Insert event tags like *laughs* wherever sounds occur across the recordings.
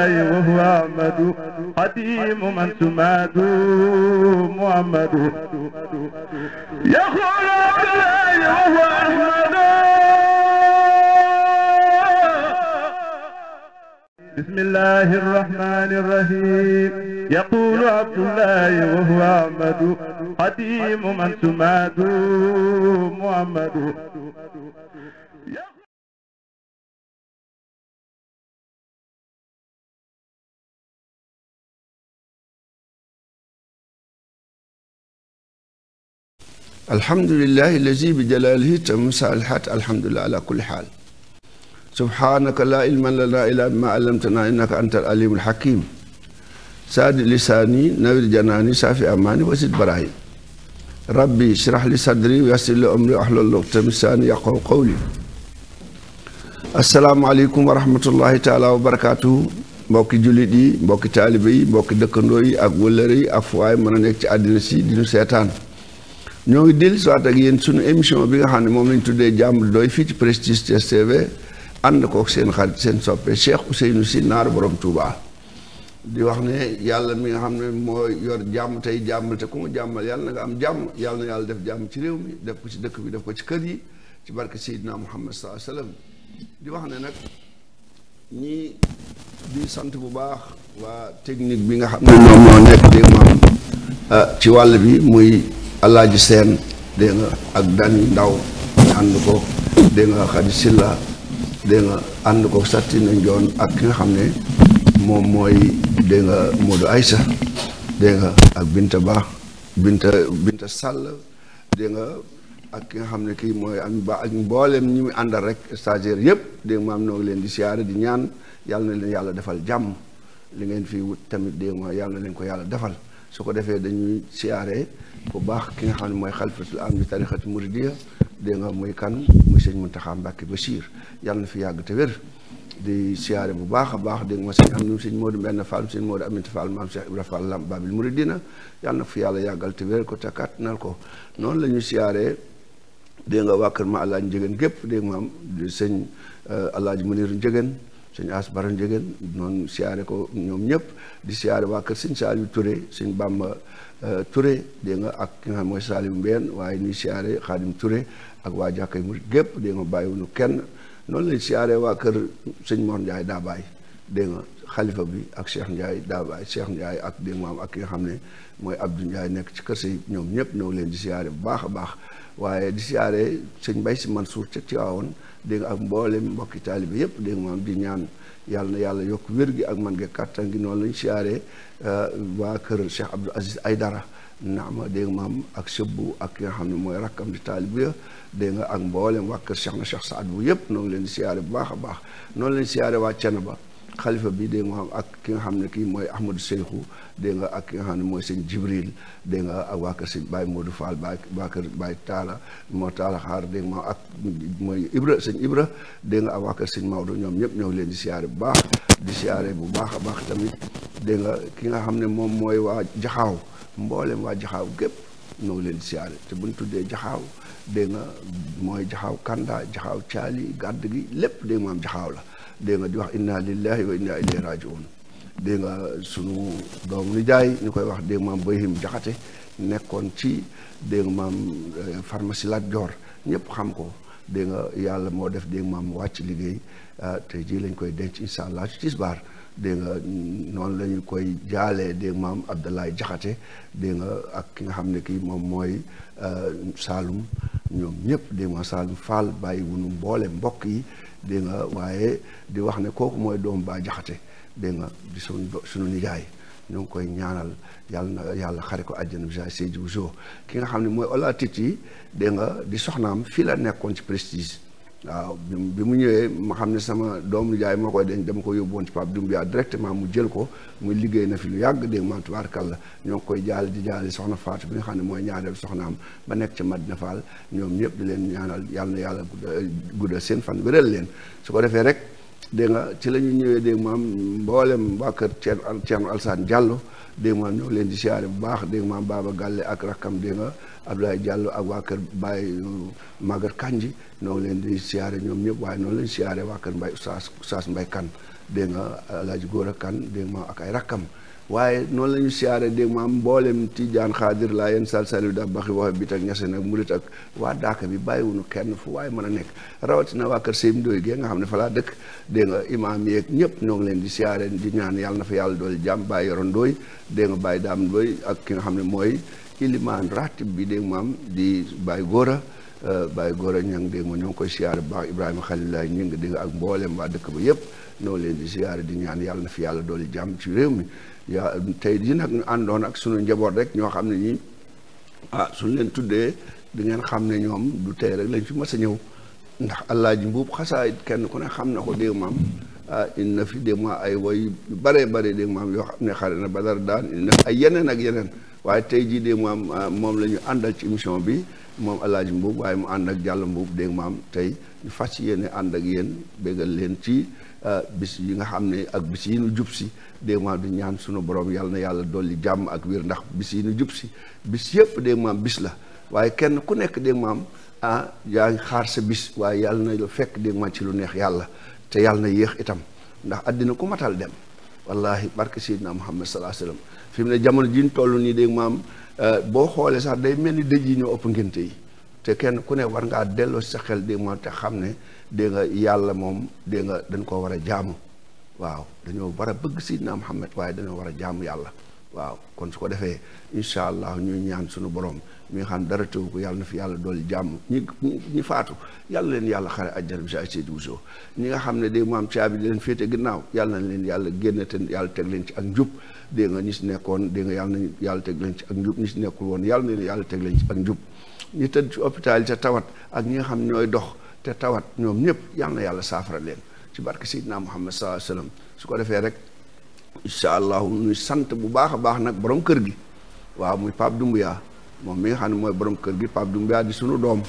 وهو أحمد قديم من سماد محمد يا عبد الله وهو أحمد بسم الله الرحمن الرحيم يقول عبد الله وهو أحمد قديم من سماد محمد الحمد لله الذي بجلاله تم صالحات الحمد لله على كل حال سبحانك لا علم لنا إلا ما علمتنا إنك أنت العليم الحكيم ساد لساني نور جناني سافي أماني وسيد براهي ربي اشرح لي صدري ويسر لي أمري أحلل لقطه من لساني يقول قولي السلام عليكم ورحمة الله تعالى وبركاته مبوكي jullit yi mbokki taalibe yi mbokki dëkkandoo yi ak wëllëre yi ak سي waay mën ñoo ngi dellu siwaat ak yéen suñu émission bi nga xam ne moom lañ tuddee jàmm doy fii ci Prestige Thiès TV ànd kook seen xarit seen soppe Cheikh Ousseynou Sy naar Borom Touba di wax ne yàlla mi nga xam ne moo yor jàmm tey jàmmal te ku mu jàmmal yàlla na nga am jàmm yàlla na yàlla def jàmm ci réew mi def ko ci dëkk bi def ko ci kër yi ci barke Seydina Muhammad sallallahu sa wasallam di wax ne nag ñii di sant bu baax waa technique bi nga xam ne ñoom ñoo nekk dégg maam ah, ci wàll bi muy alaaji seen dégg nga ak dani ndaw ànd ko dégg nga silla dégg nga ànd ko nañ njoon ak ki nga xam ne moom mooy dégg nga ay sa dégg ak Binta Ba Binta Binta Sall dégg nga ak ki nga xam ne kii mooy am ba mboolem ñi muy àndal rek stagiaire yëpp dégg nga am noo ngi leen di siyaare di ñaan yàlla na leen yàlla defal jàmm li ngeen fii wut tamit dégg nga yàlla na leen ko yàlla defal su ko defee dañuy siyaare bu baax ki nga xam ne mooy xalifatul am di tarixati muridiya dégg nga muy kan muy sëñ Muntaxa ba Basiir yàlla na fi yàgg te wér di siyaare bu baax a baax dégg nga ma sëñ am num sëñ Moodu Mbène Fall sëñ Moodu Aminta Fall maam Cheikh Ibra Fall Lamp Babil Muridina yàlla na fi yàlla yàggal te wér ko te kàttanal ko noonu la ñuy siyaare dégg nga waa kër ma Alaaji Njëgéen gépp dégg nga maam sëñ euh, Alaaji Muniru Njëgéen sëñ As Baran Jegen noonu siyaare ko ñoom ñëpp di siyaare waa kër sëñ Saliou ture suñ Bamba euh, Touré dégg nga ak ki nga xam mooy Saliou Mbène waaye ñuy siyaare Xaadim Touré ak waa jàkkay murit gépp dégg nga bàyyiwuñu kenn noonu lañ siyaare waa kër sëñ Mor Ndiaye Dabaye dégg nga xalifa bi ak Cheikh Ndiaye Dabaye Cheikh Ndiaye ak dégg nga ki nga xam ne mooy Abdou Ndiaye nekk ci kër si ñoom ñëpp ñoo leen di siyaare bu baax a baax waaye di siyaare sëñ Mbaye si man Mansour ci Tiwaawoon dégg ak mbooleem mbokki taalibe yépp dégg maam di ñaan yàlla na yàlla yokk wér gi ak man gi kàttan gi noonu lañ siyaaree euh, waa kër Cheikh Abdou Aziz Aydara naama dégg maam ak sëbbu ak ki nga xam ne mooy rakkam di taalibe ya dégg nga ak mboolem waa kër Cheikh na Cheikh Saad bu yépp noonu leen di siyaare bu baax a baax noonu leen siyaare waa ba xalifa bi dégg nga ak ki nga xam ne kii mooy Ahmadou Seyxu dégg nga ak ki nga xam ne mooy sëñ Jibril dégg nga ak waa kër sëñ Baye Modou Fall Baye waa kër moo Taala xaar dégg ak mooy Ibra sëñ Ibra dégg nga ak sëñ Maodo ñoom ñëpp ñoo ngi leen di siyaare bu baax di siyaare bu baax a baax tamit dégg nga ki nga xam ne moom mooy waa Jaxaaw mboolem waa Jaxaaw gépp ñoo leen di siyaare te bu ñu tuddee Jaxaaw dégg nga mooy Jaxaaw Kanda Jaxaaw Caali gàdd gi lépp dégg nga maam Jaxaaw la dégg nga di wax inna lillahi wa inna ilayhi rajiun dégg nga sunu doomu jaay ñu koy wax dégg maam Bayhim Jaxate nekkoon ci dégg nga maam euh, pharmacie Lat Joor ñëpp xam ko dénga nga yàlla moo def dégg nga wàcc liggéey euh, tey jii lañ koy denc incha allah ci tisbaar dégg noonu la ñu koy jaalee dégg maam Abdoulaye Jaxate dégg ak ki nga xam ne kii moom mooy euh, Saalum ñoom ñëpp dégg nga Saalum Fall bàyyi wunu mboole mbokk yi dégg waaye di wax ne kooku mooy doom baa jaxate dégg nga di suñu suñu nijaay ñu ngi koy ñaanal yàlla na yàlla xare ko àjjana bi Seydi Buso ki nga xam ne mooy Olatitit dégg nga di soxnaam fii la nekkoon ci prestige waaw bi mu ñëwee ma xam ne sama doomu jaay moo koy denc dama ko yóbbu woon ci Pape Doumbia directement mu jël ko muy liggéey na fi lu yàgg dégg ma tubaarkàlla ñoo ngi koy jaal di jaal soxna Fatou bi xam ne mooy ñaareel soxnaam ba nekk ca Madina Fall ñoom ñëpp di leen ñaanal yàlla na yàlla gudda seen fan wéral leen su ko defee rek dégg nga ci la ñu ñëwee dégg maam mboolem waa kër Thierno Alassane Diallo dégg maam ñoo leen di si siyaare bu baax dégg maam Baba Galle ak rakkam dégg nga Abdoulaye Diallo ak waa kër Baye euh, Magar Kanji ñoo leen di siyaare ñoom ñëpp waaye noonu leen siyaare waa kër Mbaye Oustaz Oustaz Mbaye Kane dégg Góora Kane dégg ma ak ay rakkam waaye noonu la ñu siyaare dégg ma mboolem Tijaan Xaadir laa yéen sal da baxi waxe bit ak ñase nag murit ak waa daaka bi bàyyiwunu kenn fu waaye mën a nekk rawatina waa kër Seyim Ndoy nga xam ne fa laa dëkk dégg nga imaam ñëpp ñoo ngi leen di siyaare di ñaan yàlla na fa yàlla dool jàmm bàyyi yoroon dooy dégg nga bàyyi daam Ndoy ak ki nga xam ne mooy ilimaan ratib bi dégg maam di Baye Gora euh, Baye Gora ñang dégg ma ñoo ngi koy siyaare baax Ibrahima Khalilay ñu ngi dégg ak mboolem waa dëkk ba yëpp ñoo leen di siyaare di ñaan yàlla na fi yàlla dooli jàmm ci réew mi yaa tey jii nag ñu àndoon ak suñu njaboot rek ñoo xam ne ñi ah suñu leen tuddee di xam ne ñoom du tey rek lañ fi mas ñëw ndax Alaaji Mbuub xasaa kenn ku ne xam na ko dégg maam ah, in na fi dégg ma ay woy yu bare bare dégg maam yoo xam ne na Badar daan ay yeneen ak yeneen waaye tey jii dégg maam ah, moom la ñu àndal ci mission bi moom Alaaji Mbuub waaye mu ànd ak Jàll Mbuub dégg tey ñu fas yéene ànd ak yéen béggal leen ci ah, bis yi nga xam ne ak bis yi nu jub si dégg maam di ñaan sunu borom yàlla na yàlla dolli jàmm ak wér ndax bis yi nu si bis yépp dégg maam bis la waaye kenn ku nekk dégg maam ah yaa ngi xaar sa bis waaye yàlla na la fekk dégg maam ci lu neex yàlla te yàlla na yéex itam ndax àddina ku matal dem wallahi barke Seydina Muhammad sallallahu alayhi wa sallam fii mu ne jamono ji ñu toll nii dégg maam euh, boo xoolee sax day mel ni dëj yi ñoo ëpp ngénte yi te kenn ku ne war ngaa delloo si sax xel dégg maam te xam ne dégg nga yàlla moom dégg dañ koo war a jaamu waaw dañoo war a bëgg Seydina Muhammad waaye dañoo war a jaamu yàlla waaw kon su ko defee incha allah ñuy ñaan suñu borom mi nga xam dara tëw ko yàlla na fi yàlla dool jàmm ñi ñi faatu yàlla leen yàlla xare ajjana bi si ay seedi wuso ñi nga xam ne de maam caabi leen féete ginnaaw yàlla leen yàlla génn te yàlla teg leen ci ak njub dégg nga ñi si nekkoon dégg nga yàlla nañu yàlla teg leen ci ak njub ñi si nekkul woon yàlla nañu yàlla teg ci ak njub ñi tëdd ci hôpital yi te tawat ak ñi xam ñooy dox te tawat ñoom ñëpp yàlla na yàlla saafara leen ci barke Seydina Muhammad sallallahu alayhi wasallam su ko defee rek incha allahu ñuy sant bu baax a baax nag borom kër gi waaw muy Pape Doumbouya moom mi nga xam ne mooy borom kër gi Pape Doumbouya di sunu doom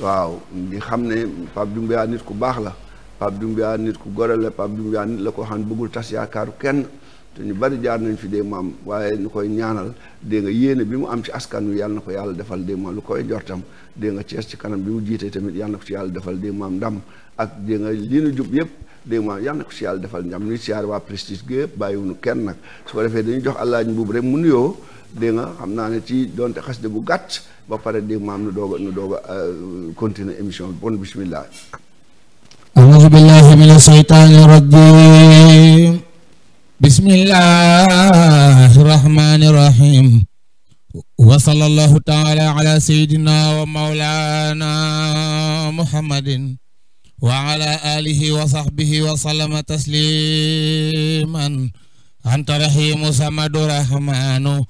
waaw di xam ne Pape Doumbouya nit ku baax la Pape Doumbouya nit ku gore la Pape Doumbouya la koo xam bëggul tas yaakaaru kenn te ñu bari jaar nañ fi dee mu waaye ñu koy ñaanal dégg yéene bi mu am ci askan wi yàlla na ko yàlla defal dee mu am lu koy jortam dégg nga bi mu jiitee tamit yàlla na ko ci yàlla defal dee mu am ndam ak dégg li nu jub yëpp dégg nga yàlla na ko ci yàlla defal ndam ñuy siyaar waa prestige gi yëpp bàyyiwuñu kenn nag su ko defee dañuy jox àllaaj mbuub rek mu nuyoo dégg nga xam naa ne ci donte xas de bu gàtt ba pare dégg maam nu doog a nu doog a euh, continuer émission bi bon bismillah auzu billahi mina shaytaani rajim بسم الله الرحمن الرحيم وصلى الله تعالى على سيدنا ومولانا محمد وعلى آله وصحبه وسلم تسليما أنت رحيم سمد رحمن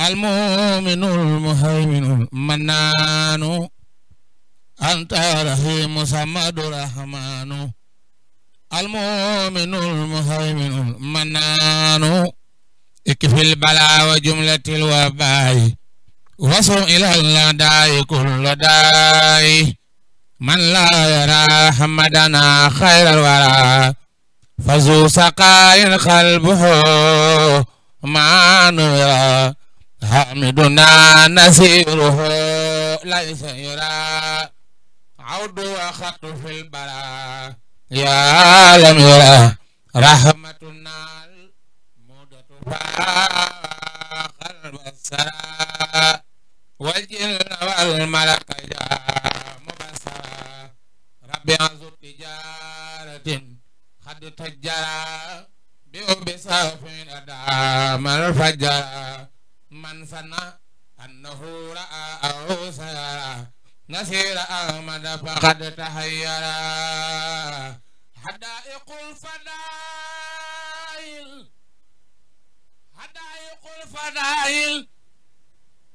المؤمن المهيمن المنان أنت رحيم سمد رحمن المؤمن المهيمن المنان اكفي البلاء وجملة الوباء وصل إلى اللداء كل داء من لا يرى حمدنا خير الورى فزو سقاي قلبه ما نرى حمدنا نسيره ليس يرى عود وخط في البلاء yaa lam yara rahmatunaal mudatu faaxal basara wal jinna wal malaka jaa mubasara rabbi anzu tijaratin xad tajjara bi ubbi sarfin adamal fajjara man sana annahu ra'a aw sayara نسير أحمد فقد تحيرا حدائق الفضائل حدائق الفضائل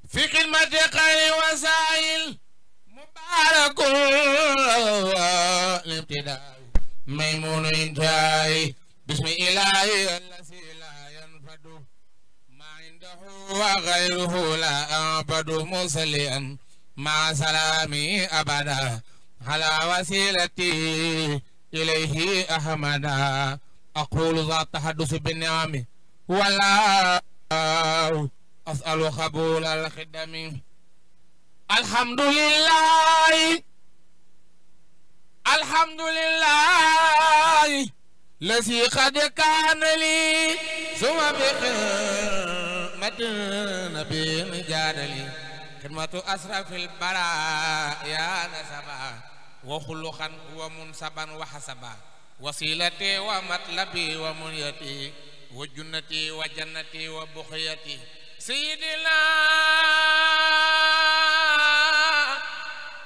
في كلمة خير وسائل مبارك الابتداء ميمون انتهاء بسم الله الذي لا ينفد ما عنده وغيره لا أعبد مصليا ما سلامي أبدا على وسيلتي إليه أحمدا أقول ذا التحدث بالنعم ولا أسأل قبول الخدم الحمد لله الحمد لله الذي قد كان لي ثم بخدمة نبي جاد لي خدمة أسرف البراء يا نسبا وخلقا ومنصبا وحسبا وصيلتي ومطلبي ومنيتي وجنتي وجنتي وبخيتي سيدي لا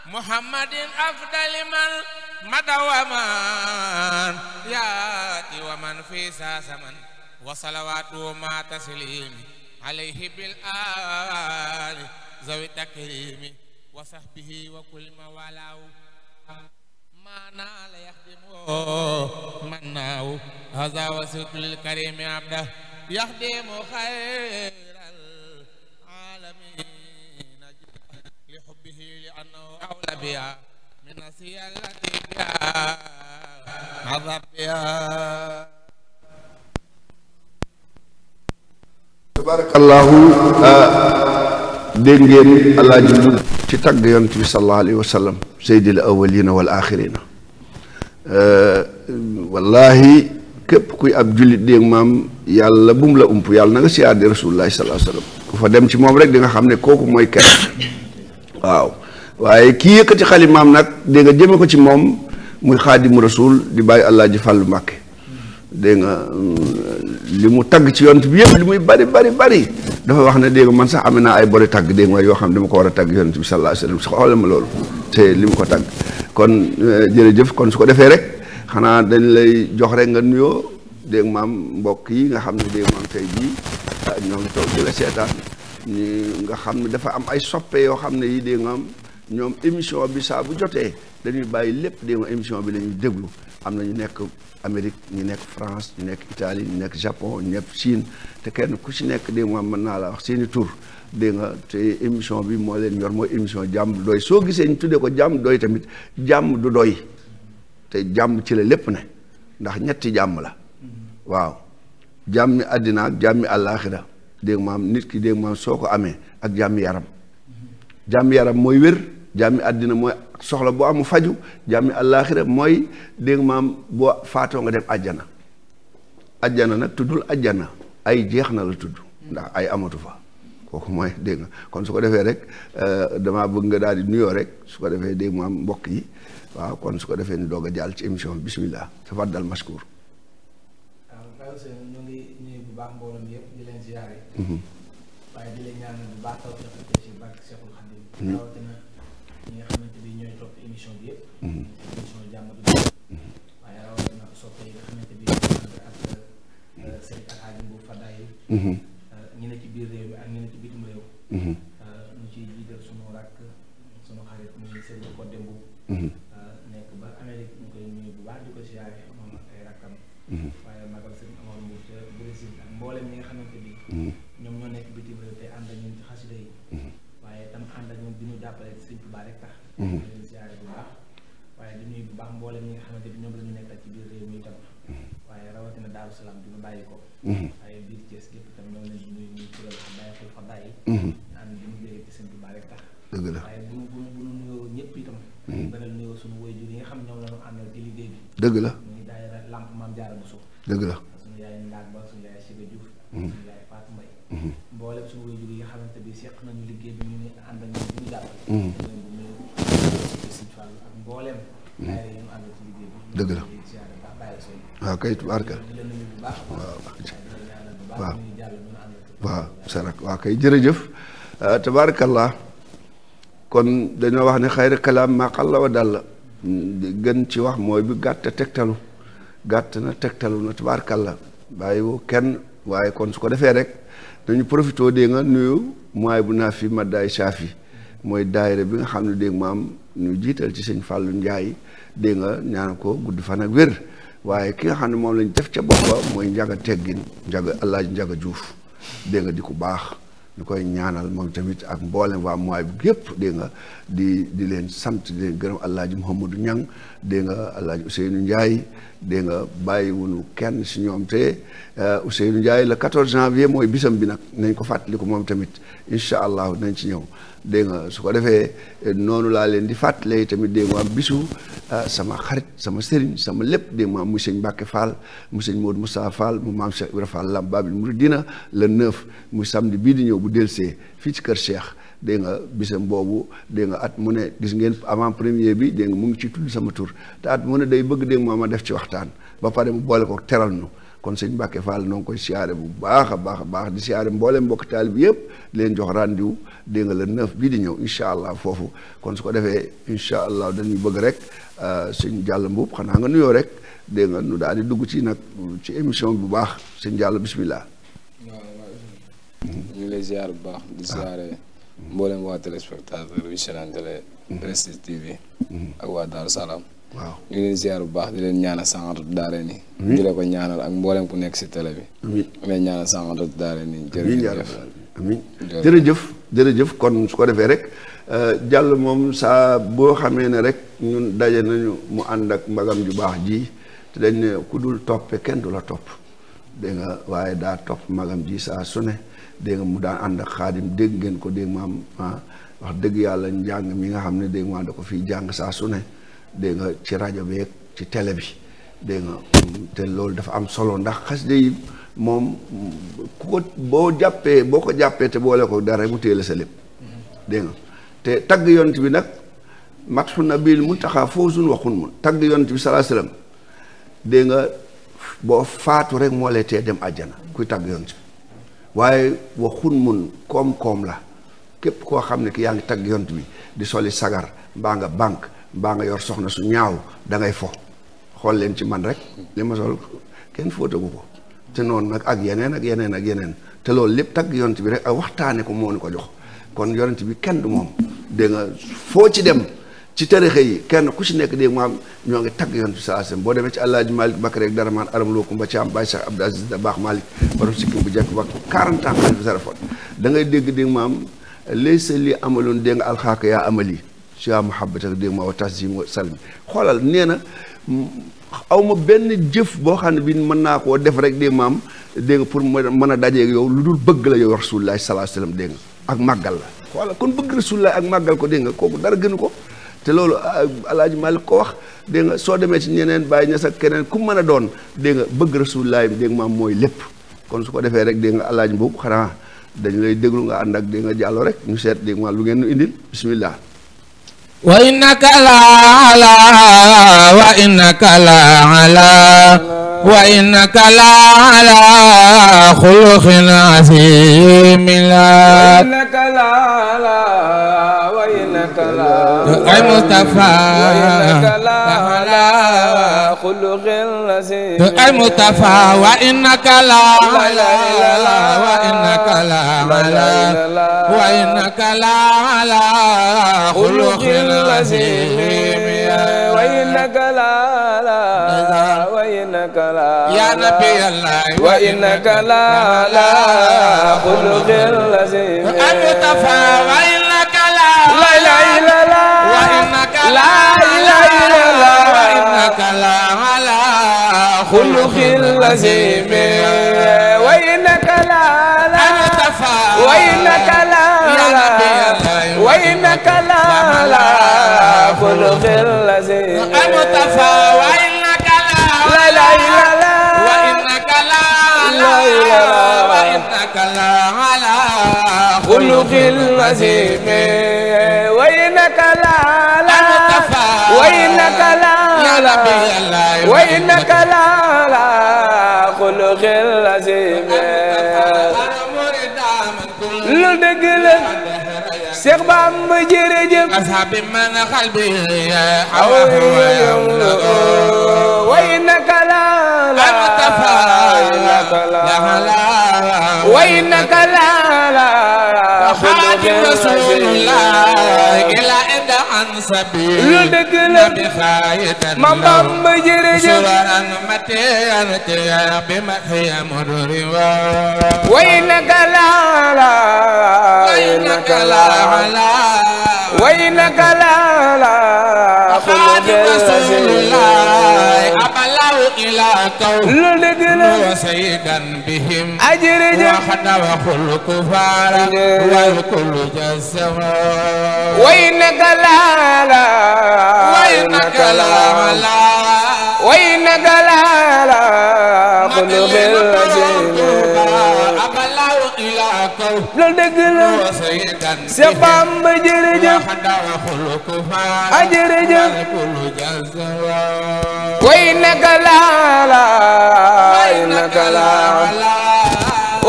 محمد أفضل من مدى ومن ياتي ومن في من وصلواته ما تسليم عليه بالآل ذوي التكريم وصحبه وكل ما والاه ما نال يخدم ناو هذا وسط الكريم عبده يخدم خير العالمين لحبه لأنه أولى بها من نسيا التي جاء عذب بها تبارك الله آه dégg ngeen alaaji lu ci tagg yonent bi sallallahu alayhi wa sallam seydil awalina wal axirina wallahi képp kuy ab jullit dégg maam yàlla bu mu la ump yàlla na nga si rasulullahi sallallahu alayhi wa sallam ku fa dem ci moom rek di nga xam ne kooku mooy kenn waaw waaye kii yëkkati maam nag dégg nga jëme ko ci moom muy xaadimu rasul di bàyyi alaaji fàllu mbàkke dégg nga li mu tagg ci yonent bi yëpp li muy bari bari bari dafa wax ne dégg man sax am naa ay bori tagg dégg nga yoo xam ne dama ko war a tagg bi sallallahu alayhi wa sallam ma loolu te li mu ko tagg kon euh, jërëjëf kon su ko defee rek xanaa dañ lay jox rek nga nuyoo dégg maam mbokk yi nga xam ne dégg nga maam tey jii ah, ñoo ngi toog di seetaan ñi nga xam ne dafa am ay soppe yoo xam ne yi dénga ñoom émission bi saa bu jotee dañuy bàyyi lépp dégg émission bi la ñuy déglu am na ñu nekk Amérique ñu nekk France ñu nekk Italie ñu nekk Japon ñu nekk Chine te kenn ku ci nekk dégg nga mën naa la wax seeni tur dégg nga te émission bi moo leen yor mooy émission jàmm du doy soo gisee ñu tuddee ko jàmm doy tamit jàmm du doy te jàmm ci la lépp ne ndax ñetti jàmm la waaw jàmmi àddina ak jàmmi àllaaxira dégg maam nit ki dégg maam soo ko amee ak jàmmi yaram jàmmi yaram mooy wér jàmmi àddina mooy soxla bu amu faju jàmmi àllaaxira moy deg mam bo faato nga dem aljana aljana nak tudul aljana ay jeexna la tudd ndax ay amatu fa koku moy deg nga kon suko defé rek euh dama bëgg nga daal di nuyo rek suko defé deg mam mbokk yi waaw kon suko defé ni doga a ci émission bi bismillah tafaddal mashkur Mm-hmm. Mm-hmm. dëgg la dëgg la. Mhm. Mhm. mboolem mhm. waaw kay tubaarka waaw waaw waaw waaw kay jërëjëf euh, tabaarakallah kon dañoo wax ne xayra kalaam maa qalla wa dalla gën ci wax mooy bi gàtt tegtalu gàtt na tegtalu na tabaarkàlla bàyyi woo kenn waaye kon su ko defee rek dañu profité dégg nga nuyu mooy bu naa fi ma daay saafi mooy daayira bi nga xam ne dégg maam ñu jiital ci sëñ Fallou njaay dégg nga ñaan ko gudd fan ak wér waaye ki nga xam ne moom lañ def ca bopp ba mooy njaga teggin njaga Alaaji njaga Juuf dégg nga di ku baax ñu koy ñaanal moom tamit ak mboolem waa mooy bi gépp dégg nga di di leen sant di leen gërëm alaaji Mouhamadou Niang dégg nga alaaji Ousseynou Ndiaye dégg nga bàyyiwunu kenn si ñoom te euh, Ousseynou Ndiaye le 14 janvier mooy bisam bi nag nañ ko fàttaliku moom tamit incha allah nañ ci ñëw dégg nga su ko defee noonu laa leen di fàttalee tamit dégg nga bisu euh, sama xarit sama sëriñ sama lépp dégg nga muy sëñ Mbacke Fall mu sëñ Modou Moussa Fall mu maam Cheikh Ibra Fall Lam Babil Mouridina le 9 bii di ñëw bu delsee fii ci kër Cheikh de nga bisam bobu de nga at mu ne gis ngeen avant premier bi de nga mu ngi ci tuddu sama tour te at mu ne day bëgg de moo ma def ci waxtaan ba pare mu boole ko teral nu kon sëñ Mbàkke Fall noo koy siaré bu baaxa baaxa baax di siaré mbolé mbok talib yépp leen jox rendez-vous de nga le 9 bi di ñew inshallah fofu kon su ko defee incha allah bëgg rek euh, sëñ Jàll Mbuub xana nga nuyo rek de nga nu daal di dugg ci nak ci émission bu baax sëñ Jàll bismillah. waaw waaw ñu lay ziar bu baax di mboolem waa téléspectateur yu chaîne télé Prestige mm-hmm. TV mm-hmm. ak waa Daaru Salaam waaw ñu ngi leen ziar bu baax di leen ñaanal sànqatu daare ni mm-hmm. di la ko ñaanal ak mboolem ku nekk si télé bi leen ñaanal sànqatu daare ni jërëjëf amiin jërëjëf jërëjëf kon su ko defee rek jàll euh, moom saa boo xamee ne rek ñun daje nañu mu ànd ak mbagam ju baax ji te dañ ne ku dul toppe kenn du la topp dégg nga waaye daa topp magam jii saa su ne dégg nga mu daan ànd ak xaadim dégg ngeen ko ma maam wax dëgg yàlla njàng mi nga xam ne dégg maam da ko fiy jàng saa su dégg nga ci rajo beeg ci télé bi loolu dafa am solo ndax xasida yi moom ku ko boo jàppee boo ko jàppee te boole ko dara mu téela sa lépp dégg te tagg yont bi nag matxu nabil mun taxaa foo suñ waxun mun tagg yont bi salaa salaam boo faatu rek moo lay tee dem àjjana kuy tàgg yonent bi waaye waxun mun koom-koom la képp koo xam ne ki yaa ngi tàgg yonent bi di soli sagar mbaa nga banque mbaa nga yor soxna su ñaaw da ngay fo xool leen ci man rek li ma sol kenn fóotagu ko te noonu nag ak yeneen ak yeneen ak yeneen te loolu lépp tagg yonent bi rek a waxtaane ko moo ni ko jox kon yonent bi kenn du moom dégg foo ci dem ci tarixa yi kenn ku ci nekk dégg mu am ñoo ngi tagg yonent bi sallallahu alayhi wasallam boo demee ci Alaaji Malick Bakar rek dara maan aram loo kumba Caam Baay Cheikh Abdou Aziz da baax Malick borom sikkim bu jekk ba 40 ans xalifa Sarafot da ngay dégg dégg mu am lay sa li amaloon dégg nga alxaaka yaa amali sia mahabatak dégg ma wa tasjim salmi xoolal nee na aw ma benn jëf boo xam ne bi mën naa koo def rek dégg maam dégg nga pour mën a dajeeg yow lu dul bëgg la yow rasulullah sallallahu alayhi wasallam dégg nga ak màggal la xoolal kon bëgg rasulullah ak màggal ko dégg nga kooku dara gënu ko te loolu ah, alaaji malik ko wax dégg nga soo demee ci ñeneen bàyyi ñas keneen ku mën doon dégg nga bëgg rasulullah dégg maam mooy lépp kon su ko defee rek dégg nga alaaji boobu xanaa dañ lay déglu nga ànd ak nga rek ñu lu ngeen indil bismillah wa innaka la ala wa innaka la ala أي مصطفى وعلى خلق رزيز أي مصطفى وإنك لا وإنك لا وإنك لا على خلق رزيز وإنك لا وإنك لا يا نبي الله وإنك لا لا خلق رزيز أي مصطفى وإنك لا إله إلا الله إنك لا على خلق لزيم وينك لا لا وينك لا لا وينك لا لا خلق لزيم المتفى وإنك لا لا لا لا وينك لا لا وينك لا لا خلق لزيم لا وإنك لا لا خلق العظيم lu dëgg la Cheikh Bamba jërëjëf ashabi man qalbi aw yawla wa innaka la la wa innaka la la خلق الرسول لا إله عن سبيل نبي خايتا مام سرعا متيا تيا بمحيا مدروا وينك لا لا وينك لا لا وينك لا لا خادم رسول الله أبلغ إلى قوم وسيدا بهم أجرج وحد وخل كفارا والكل جسما وينك لا la وينك لا لا وينك لا لا خلق الجنة loolu dëgg la Seex Bamba jërëjëf a ah, jërëjëf way naka laala way naka laala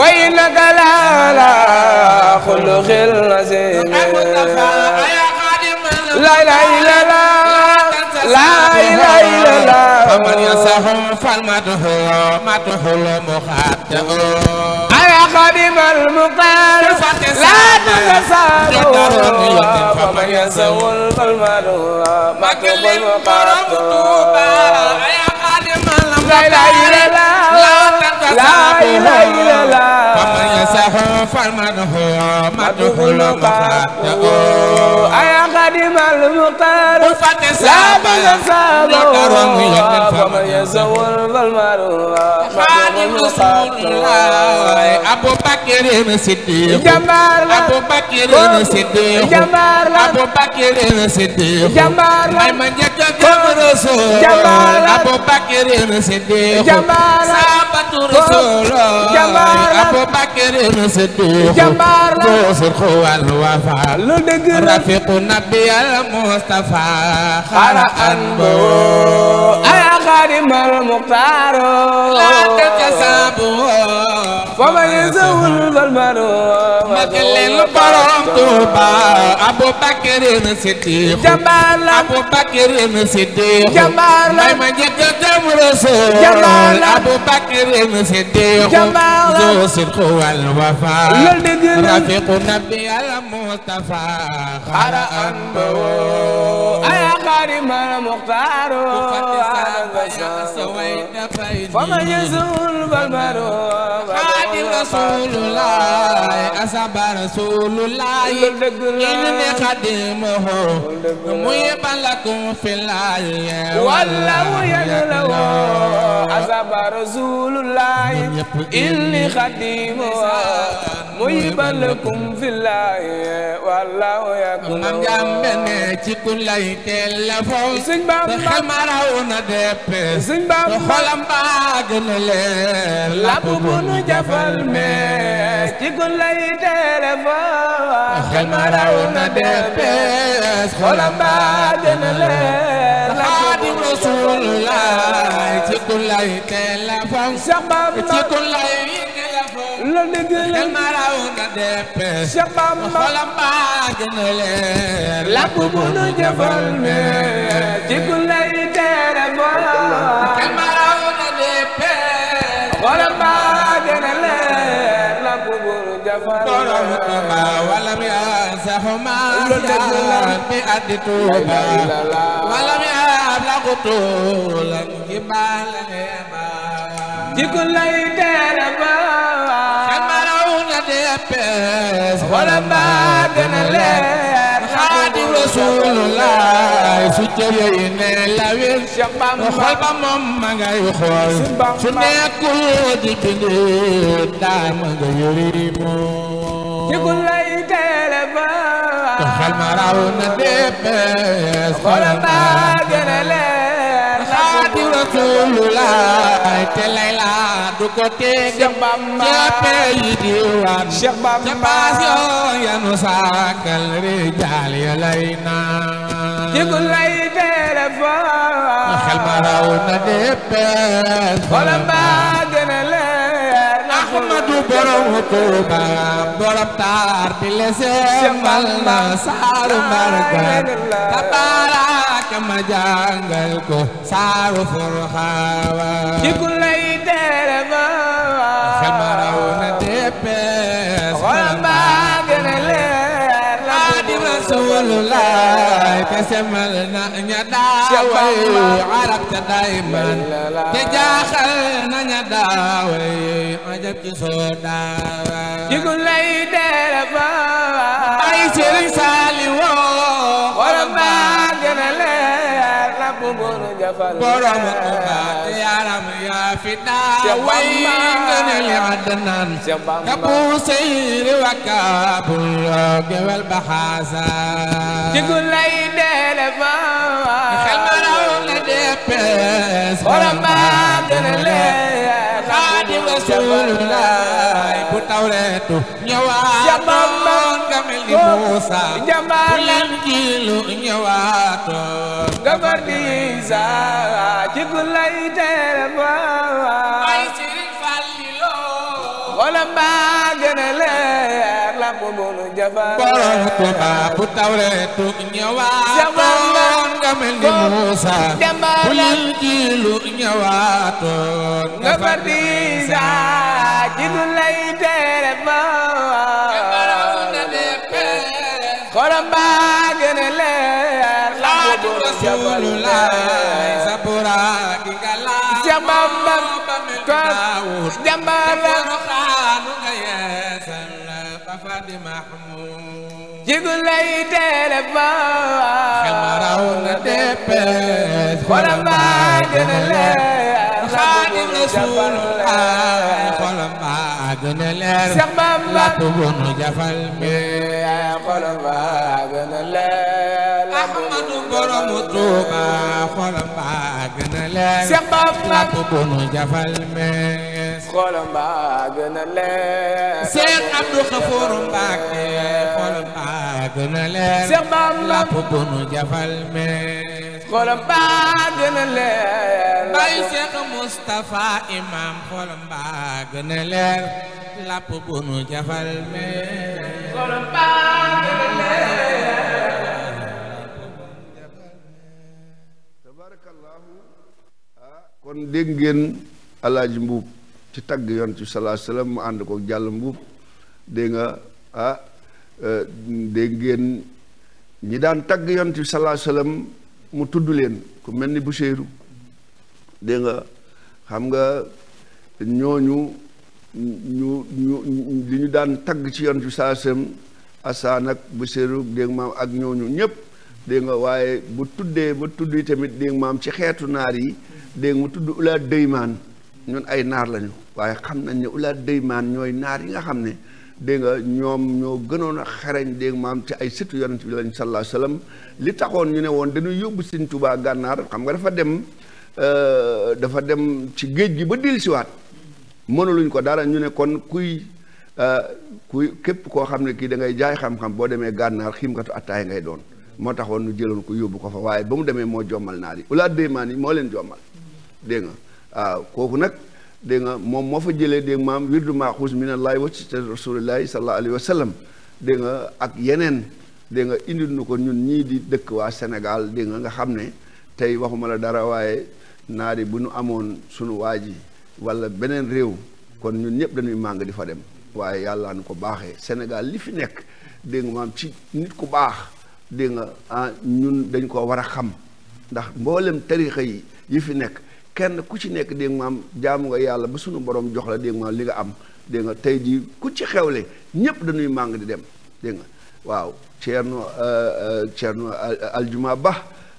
way naka laala xuluxil na لا اله الا الله لا اله الا الله فمن يصح فالمدهول مدهول مخاطئ ايا خادم المقال لا تنسى فمن يصح فالمدهول مدهول مخاطئ لا اله الا الله لا اله الا الله فمن يصح فالمدهول مدخل مخرجه أيا خادم المختار وفات سابا يكرم يكن فمن يزول فالمعروف خادم رسول الله أبو بكر صديق جمال أبو بكر صديق جمال أبو بكر صديق جمال أيمن يكن رسول جمال أبو بكر صديق جمال سابا رسول الله أبو بكر صديق جمال وصدق والوفاء رفيق نبي المصطفى خرا أنبو أيا خادم المختار لا تتسابوا وما يزول بالمروم مجلل برام طوبى أبو بكر صديق جمال أبو بكر صديق جمال ما جدت رسول جمال أبو بكر صديق جمال ذو صدق والوفاء رفيق نبي المصطفى خرى أنبو أيا كريم المختار فمن يزول بالمروم rasulullah asaba rasulullah inni xadimuhu muyiban lakum fillah wallahu yaglaw asaba rasulullah inni xadimuhu muyiban lakum fillah wallahu yaglaw am jambe ne ci kulay telefon Sëñ Bamba xamaraw na deppe Sëñ Bamba xolam baa gën a leer la bu nu jafal mees ci gun lay téléphone xel ma raw na deppees xolam baa gën a leer xaadim rasuulullaay ci gun lay téléphone Cheikh Bamba ci gun lay téléphone la dëgg la xel ma raw na deppees Cheikh Bamba xolam baa gën a leer la bu bu nu jëfal mees ci gun lay téléphone xel ma raw na deppees xolam baa توبة ولم ينسخ ما بأد توبة ولم يبلغ طولا جبال نعمة جكل يتربى كما رأونا ديبس ولما دنا ليه rasulullah su cëre yi ne lawil Cheikh Bamba xol ba moom ma ngay xool su nekkul di bind daa ma nga yëri moom jigul lay teele ba xel ma raw na dépp xool ba gën a leer Rasulullah te Layla du ko tee gëm ca peyi diwaan ca baas yoo yanu saakal rijaal ya lay naan ci gun lay téléphone xel ma raw na déppees wala mbaa gën a leer Ahmadu borom Tuuba borom taar bi le seemal na saaru mbargal tabaara ak ma jàngal ko saaru furxaawa ci ku lay tere ba xamaraw na teppees xolam baa gën a leer xaadim rasulullah te semal na ña daaway arab te dayman te jaaxal na ña daaway ajab ci soo daawa ci ku lay tere ba ay sëriñ saa borom Tuuba te yaram yaa fi daa way nga ne li addanaan ka buusayr wa kaabul gewel ba xaasa ci gu lay deele fa xel ma raw nga deppees borom ba dene le xaadim rasuulullaay bu tawreetu ñëwaatoon nga mel ni Muusa bu leen kiilu ñëwaatoon kabar di saa ci ku lay tere baawaa ay Sëriñ Fallilu wala mbaa gën a leer lamp bu nu jafar borom Tuuba bu tawreetu ñëwaatoon nga mel ni Muusa bu Injiilu ñëwaatoon nga far di saa ci ku lay tere baawaa xolam mbaa gën a leer rasulullah sabura gingala jambam ko jambala khanu ngayasal fafadi mahmud jigulay teleba khamarawna depe khorama genale khadim rasulullah khorama genale jambam la tubun jafal me khorama genale Ahmadu borom Tuuba xolam baa gën a leer Seex Bamba bu nu jafal mees xolam baa gën a leer Seex Abdu Xafoor Mbàkke xolam baa gën a leer Seex Bamba bu nu jafal mees xolam baa gën a leer Bay Seex Mustafa Imam xolam baa gën a leer lapp bu nu jafal mees xolam baa gën a leer kon dégg ngeen alaaji mbuub ci tagg yonent bi salaa mu ànd ko jàll mbuub dégg nga ah euh, dégg ngeen ñi daan tagg yonent bi salaa mu tudd leen ku mel ni bu Bushayru dégg nga xam nga ñooñu ñu ñu li ñu daan tagg ci yonent bi salaa salaam asaan bu Bushayru dégg maam ak ñooñu ñépp dégg nga waaye bu tuddee ba tudd yi tamit dégg maam ci xeetu naar yi dégg mu tudd ulaa dëymaan ñun ay naar lañu waaye xam nañ ne ulaa dëymaan ñooy naar yi nga xam ne dégg nga ñoom ñoo gënoon a xereñ dégg maam ci ay situ yonent bi lañ sallallahu alayhi wasallam li taxoon ñu ne woon dañuy yóbbu Sëriñ Tuubaa gànnaar xam nga dafa dem euh, dafa dem ci géej gi ba dil siwaat mënuluñ ko dara ñu ne kon kuy euh, kuy képp koo xam ne kii da ngay jaay xam-xam boo demee gànnaar xiimkatu attaay ngay doon moo taxoon ñu jëloon ko yóbbu ko fa waaye ba mu demee moo jommal naar yi ulaa déymaan yi moo leen jommal dégg nga waaw ah, kooku nag dégg nga moom moo fa jëlee dégg maam wirdu maaxuus minallaahi wa rasuulillaahi sallallaahu alayhi wa sallam dégg nga ak yeneen dégg nga indil nu ko ñun ñii di dëkk waa Sénégal dégg nga nga xam ne tey waxuma la dara waaye naari bu nu amoon sunu waa ji wala beneen réew kon ñun ñëpp dañuy màng di fa dem waaye yàlla nu ko baaxee Sénégal li fi nekk dégg nga maam ci nit ku baax dégg nga ah ñun dañ ko war a xam ndax mboolem tarixa yi yi fi nekk kenn ku ci nekk dégg maam jaamu nga yàlla ba suñu boroom jox la dégg maam li nga am dégg nga tey jii ku ci xewle ñëpp dañuy màng di dem dégg nga waaw Thierno euh, euh, Thierno Aljuma Ba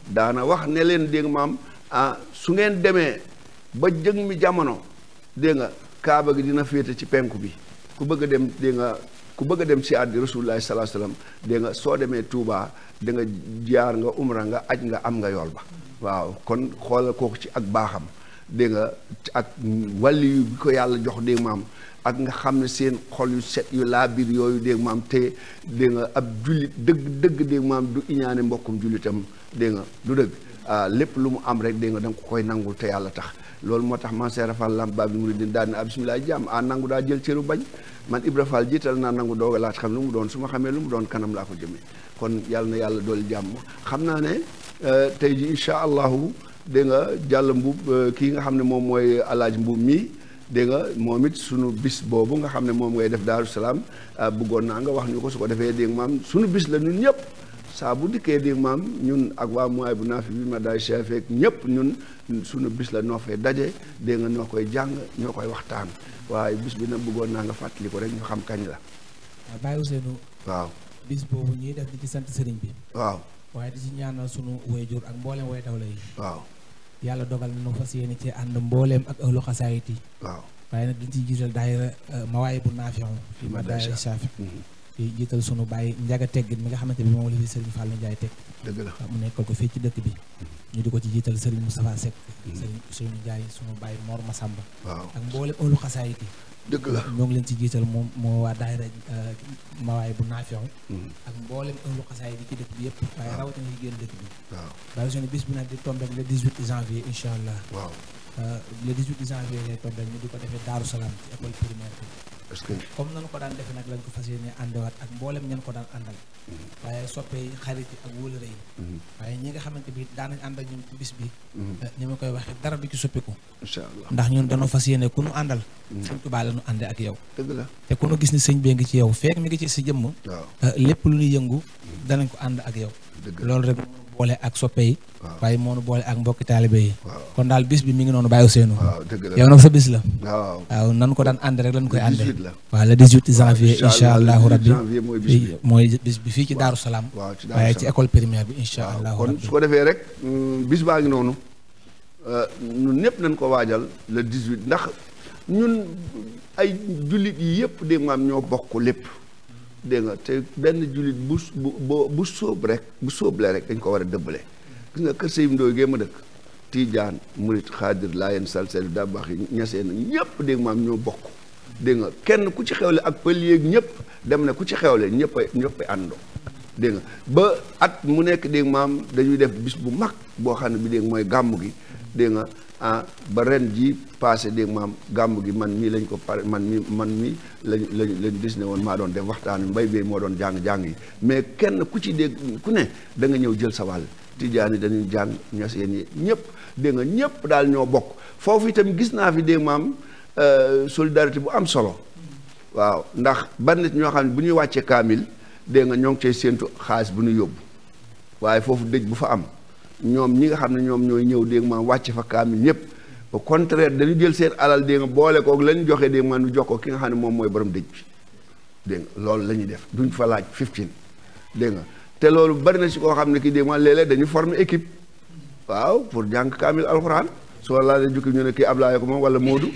daana wax ne leen dégg maam ah su ngeen demee ba jëg mi jamono dégg nga kaaba gi dina féete ci penku bi ku bëgg a dem dégg ku bëgg a dem ci àddi rasulullahi salaa salaam da nga soo demee Touba danga nga jaar nga umra nga aj nga am nga yool ba waaw kon xoolal kooku ci ak baaxam dégg nga ak wàlli yu bi ko yàlla jox dégg maam ak nga xam ne seen xol yu set yu laa biir yooyu dégg maam te dégg nga ab jullit dëgg dëgg dégg maam du iñaane mbokkum jullitam dégg nga du dëgg ah, lépp lu mu am rek dée nga da ko koy nangul te yàlla tax loolu moo tax man see rafal lam babi muridin daan na bismillah jaam a ah, nangu daa jël cëru bañ man Ibra Fall jiital naa nangu doog a laaj xam lu mu doon su ma xamee lu mu doon kanam laa ko jëmee kon yàlla na yàlla doolu jàmm xam naa ne euh, tey ji incha allahu dégg nga jàll mbub euh, kii nga xam ne moom mooy allaaj mbub mi dégg nga moom it sunu bis boobu nga xam ne moom ngay def daaru salaam euh, bëggoon naa nga wax ñu ko su ko defee dégg maam suñu bis la ñun ñëpp saa bu dikkee dégg maam ñun ak waa mooy bu naa fi ma daay chefeek ñëpp ñun suñu bis la noo daje dégg nga noo koy jàng ñoo koy waxtaan waaye bis bi nag bëggoon naa nga fàttali ko rek ñu xam kañ la. waaw Baye Ousseynou. waaw bis boobu ñuy def di ci sant sëriñ bi. waaw waaye di ci ñaanal sunu wayjur ak mboolem way dawla yi. waaw yàlla dogal na nu fas yéene ci ànd mbooleem ak ëllu xasaayit yi. waaw waaye nag dañ ciy gisal daayira euh, mawaay bu naafixu. fi ma daayira saafi. Mm-hmm. di jiital sunu bàyyi njaga teggin mi nga xamante bi moom la fi Serigne Fallou Ndiaye teg dëgg la mu nekkal ko fii ci dëkk bi ñu di ko ci jiital Serigne Moustapha Seck Serigne Ousseynou Ndiaye sunu bàyyi Mor Massamba waaw ak mboolem ëllu xasaayit yi la ñoo ngi leen ci jiital moom moo waa daayira euh, bu naafion hmm. ak mboolem ëllu xasaayit yi ci dëkk bi yëpp waaye rawatina ci génn dëkk bi waaw bàyyi sunu bis bi nag di tombé le 18 janvier incha allah waaw euh, le 18 janvier lay tombé ñu di ko defee Daaru ci école primaire bi est-ce comme nanu ko daan defe nag lañ ko fas yéene àndewaat ak mboolem ñan ko daan àndal mm-hmm. waaye soppe yi xarit yi ak wóolëre yi mm-hmm. waaye ñi nga xamante bi daanañ ànd ak ñoom bis bi ñi mm-hmm. eh, ma koy waxee dara du ci soppiku incha allah ndax ñun dañoo fas yéene ku nu àndal sëñ Tuubaa la nu ànde ak yow dëgg la te ku nu gis ni sëñ bee ngi ci yow feek mi ngi ci si jëmm eh, lépp lu ñuy yëngu danañ ko ànd ak yow loolu rek boole ak soppe yi waaye moo nu boole ak mbokki taalibe yi kon daal bis bi mi ngi noonu bàyyi Ousseynou yow nag sa bis la waaw nan ko daan ànd rek lan koy ànd waaw le 18 janvier incha allahu rabbi mooy bis bi fii ci Daaru Salaam waaye ci école primaire bi incha allahu rabbi kon su ko defee rek mm, bis baa ngi noonu euh, ñun ñëpp nañ ko waajal la 18 ndax ñun ay jullit yi yëpp dégg maam ñoo bokk lépp dégg nga te benn jullit bu bu bu sóob rek bu sóoblee rek dañ ko war a gis nga kër Sëriñ Ndooy gee ma dëkk Tiijaan Murit Xaadir Salsel Dabax yi Ñaseen ñëpp dégg maam ñoo bokk dégg nga kenn ku ci xewle ak pël yéeg ñëpp dem na ku ci xewle ñëpp a ñëpp a àndoo dégg nga ba at mu nekk dégg maam dañuy def bis bu mag boo xam ne bi dégg mooy gi dégg nga ah ba ren ji passé dégg maam gàmbu gi man mii lañ ko pare man mi man mii lañ lañ lañ dis woon maa doon def waxtaan mbay bee moo doon jàng-jàng yi mais kenn ku ci dégg ku ne da nga ñëw jël sa wàll tijaan yi dañuy jàng ñaseen yi ñëpp dégg nga ñëpp daal ñoo bokk foofu itam gis naa fi dégg maam euh, solidarité bu am solo waaw ndax bari nit ñoo xam ne bu ñuy wàccee kaamil dégg nga ñoo ngi cay séentu xaalis bu ñu yóbbu waaye foofu dëj bu fa am ñoom ñi nga xam ne ñoom ñooy ñëw dégg maam wàcce fa kaamil ñëpp au contraire dañu jël seen alal dégg nga boole kook la ñu joxe dégg nga nu jox ko ki nga xam ne moom mooy borom dëj bi dégg nga loolu la ñuy def duñ fa laaj fifteen dégg nga te loolu bari na si koo xam ne ki dégg nga léeg-léeg dañu former équipe waaw pour jàng kaamil alxuraan soo laalee jukki ñu ne kii Ablaye ko moom wala Moodu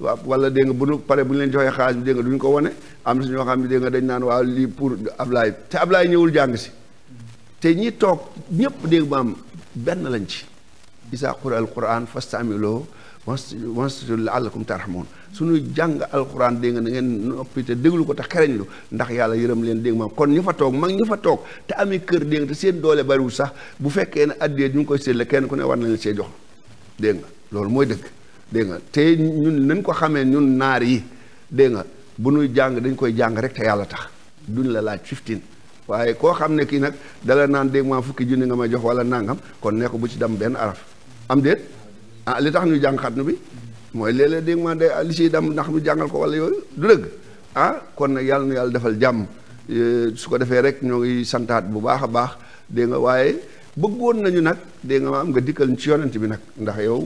waaw wala dégg nga bu nu pare bu ñu leen joxee xaalis bi dégg nga duñ ko wane am na si ñoo xam ne dégg nga dañ naan waaw lii pour laay te laay ñëwul jàng si te ñi toog ñëpp dégg nga am benn lañ ci isa qura alquran fastamilu wansatu laallakum tarhamun suñu jàng alquran dégg nga na ngeen noppi te déglu ko te xereñlu ndax yàlla yërëm leen dégg ma kon ñu fa toog mag ñu fa toog te amee kër dégg te seen doole bariwul sax bu fekkee ne addee ñu ngi koy séddale kenn ku ne war nañ see jox dégg nga loolu mooy dëgg dégg nga te ñun nañ ko xamee ñun naar yi dégg nga bu ñuy jàng dañ koy jàng rek te yàlla tax duñ la laaj fifteen waaye koo xam ne kii nag dala naan dégg ma fukki junni nga ma jox wala nangam kon nekk bu ci dem benn araf am déet ah li tax ñu jàng xatnu bi mooy léeg dégg ma day ah, li siy dem ndax mu jàngal ko wala yooyu du dëgg ah kon nag yàlla na yàlla defal jàmm eh, su ko defee rek ñoo ngi santaat bu baax a baax dégg nga waaye bëggoon nañu nag dégg nga maam nga dikkal ci yonent bi nag ndax yow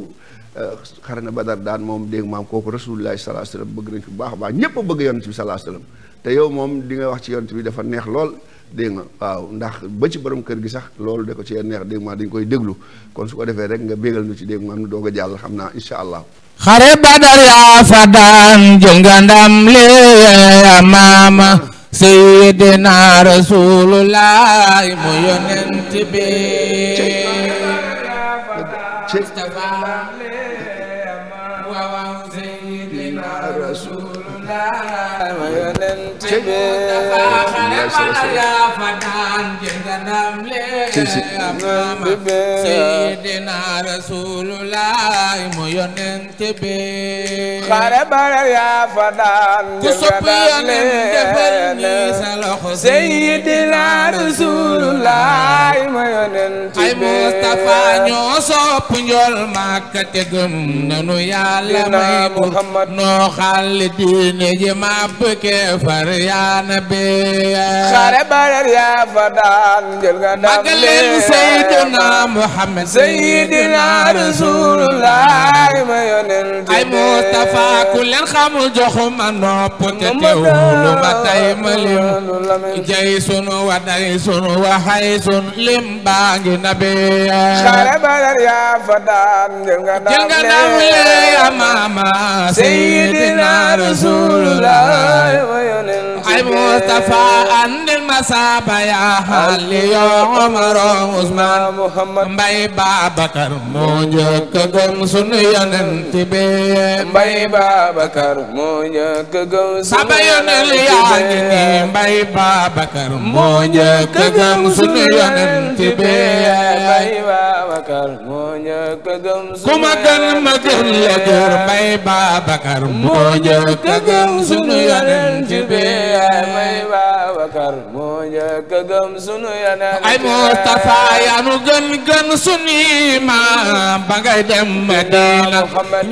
eh, xare na badar daan moom dégg nga maam kooku rasulullah sa alayhi wasallam bëgg nañ ko bu baax a baax ñépp a bëgg yonent bi sallallahu alayhi wasallam te yow moom di nga wax ci yonent bi dafa neex lool Deng, nga waaw ndax ba ci borom kër gi sax loolu da ko ci neex dégg ma dañ koy déglu kon su ko defee rek nga bégal nu ci dégg ma doog a jàll xam naa allah xare badar yaa fa daan jël ya maama sayyidina rasulullah mu yonent bi Mustafa sayyidina rasulullah mu yonent bi Seydina Rasulullah mu yonent bi ku sopp yonent defal ni sa loxo Seydina Rasulullah mu yonent ay Mustafa ñoo sopp njool Makka te gëm nanu Yàlla may bu noo xàll diine ji màbb ke yaa nabi xare badar yaa fa daan jël nga dam magal leen Seydina Muhammad Seydina Rasulullah ma yonent ay Mustafa ku leen xamul joxuma nopp te teewlu ma tay ma lim jay sunu wa day sunu wa xay sun lim baa ngi nabi xare badar yaa fa daan jël nga dam jël nga dam lee amaama Seydina Rasulullah ma yonent المصطفى أن المصاب يا حالي يا عمر عثمان محمد مباي بابكر موجك قم سنيا ننتبه مباي بابكر موجك قم سنيا ننتبه مباي بابكر موجك قم سنيا ننتبه مباي بابكر موجك قم سنيا ننتبه مباي بابكر موجك قم سنيا ننتبه may Babacar moo njëkk a gëm sunu yeneen ay Mustafa yanu gën gën sunu maam ba ngay dem Madina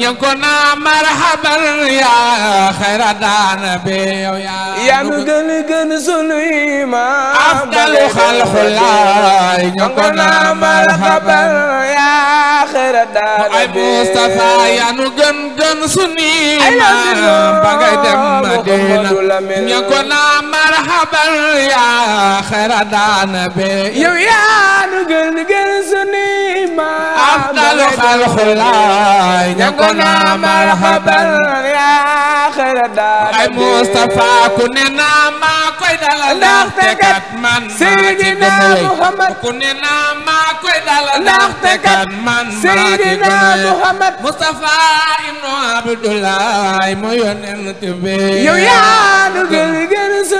ñu ko naa marhaban yaa xayra daana bi yow yaa yanu gën gën sunu maam afdalu xalxulaay ñu ko naa marhaban yaa xayra daana bi ay Mustafa yanu gën gën sunu maam ba ngay dem Madina مرحبا يا خير دان بي يا نقل نقل سنيما أفضل خلق الله يقول مرحبا يا خير دان بي مصطفى كننا ما قيد نختكت من سيدنا محمد كننا ما قيد نختكت من سيدنا محمد مصطفى ابن عبد الله ميون انتبه يو يا نقل نقل سنيما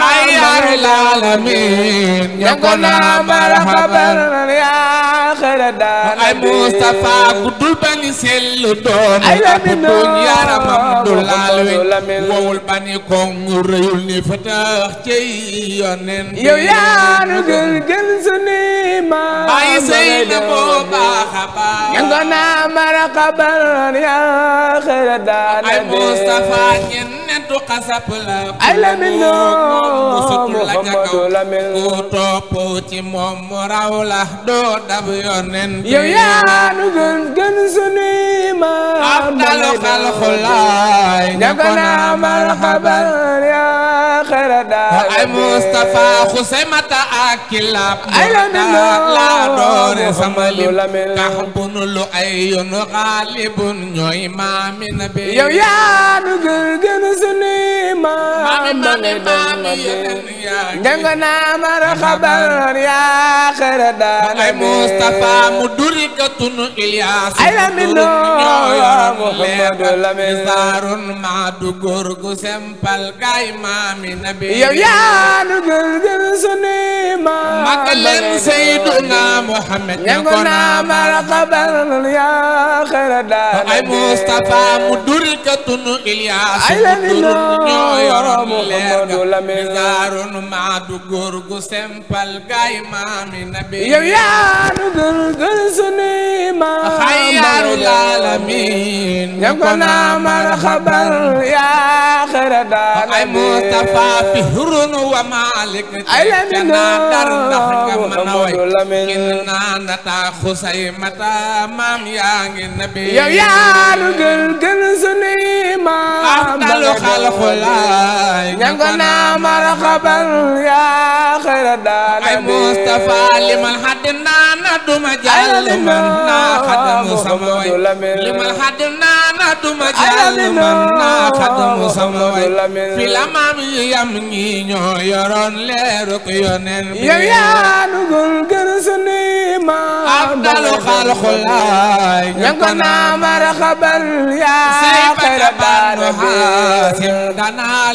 خير العالمين يا كنا مرحبا يا خير الدار اي مصطفى قدول بني سيل دون اي لمن يا رب عبد العالمين وول بني كون ريول ني فتاح تي يونن يو يا نغل جنسني ما باي سيد بابا خبا يا كنا مرحبا يا خير الدار اي مصطفى du xasab la ay Lamine moom musutu la ca kaw ku topp ci moom mu raw la yaa nu gën gën sunuy maam afdalu yaa xara daal ay Mustafa xusay nuyu maam ma ne dem ma dee njëngo naa marhaban yaa xëra daana ay Mustafa mu duri ka tunu Ilyaas ay la mi noo Muhammadu Lamin saarun maa du góor gu sempal gaay maami nabi yow yaa nu gër gër sunu maam magaleen Seyduna Muhammad njëngo naa marhaban yaa xëra daana ay Mustafa mu duri ka tunu Ilyaas ay la mi noo ñoo yor leer ga daaru maa du góor gu sempal gaay maami nabi yow yaa nu gën gën sunuy maam xayrul alamin ña ko naa marxaban yaa ay Mustafa fi hurun wa malik ay lamino dar ndax nga mën a way kin nana ta xusay mata maam yaa ngi nabi yow yaa nu gën gën sunuy maam afdalu xalqulaay ñango naa marxaban yaa xayra daana ay Mustafa liman xadd nana duma jàll man naa xadd mu sama way liman xadd nana ana la maam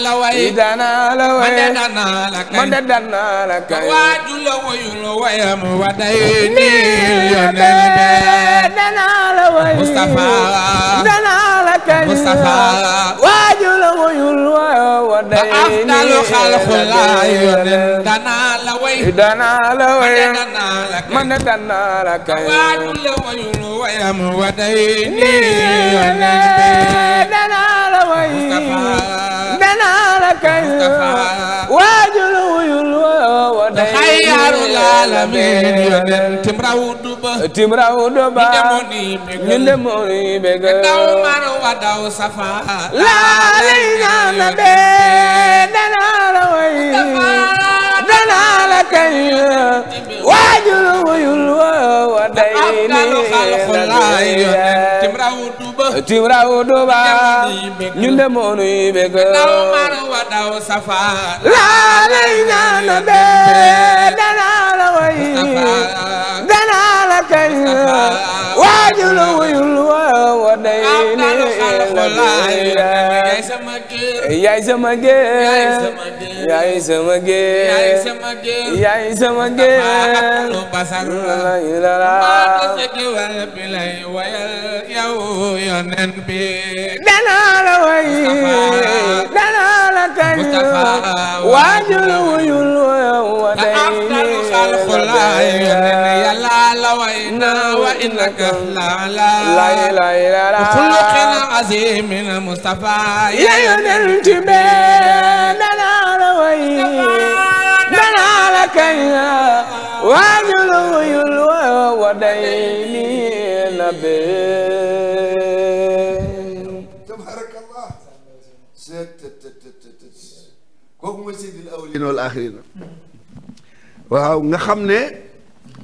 la way danaa la way la kay la wayam wa day nii la way Mustafa kañ waajul wuyul wa day afdalu xalqu laay yonen danaa la way danaa la way man danaa la kañ waajul wuyul wayam wa day ni yonen danaa la way كنال كي واجل ويلو خير العالمين يونن تمراو دوبا تمراو دوبا ندموني بيغ ندموني بيغ داو مارو وداو صفا لا لينا نبي دنا روي تنال كي واجل ويل ودين timraw duba ñun de moonuy bëgg laa lay ñaan be danaa la way danaa *laughs* waajul wuyul wa day yaay sama géer yaay sama géer yaay sama géer la ilaha danaa la way danaa تيو واجل ويل وتيني يلا لوينا وإنك لا لا لا خلق عظيم المصطفى يا يدلت بيننا لوينا لك يا واجل ويل وديني نبي huwa sayyidul awwalin wal axirin waaw nga xam ne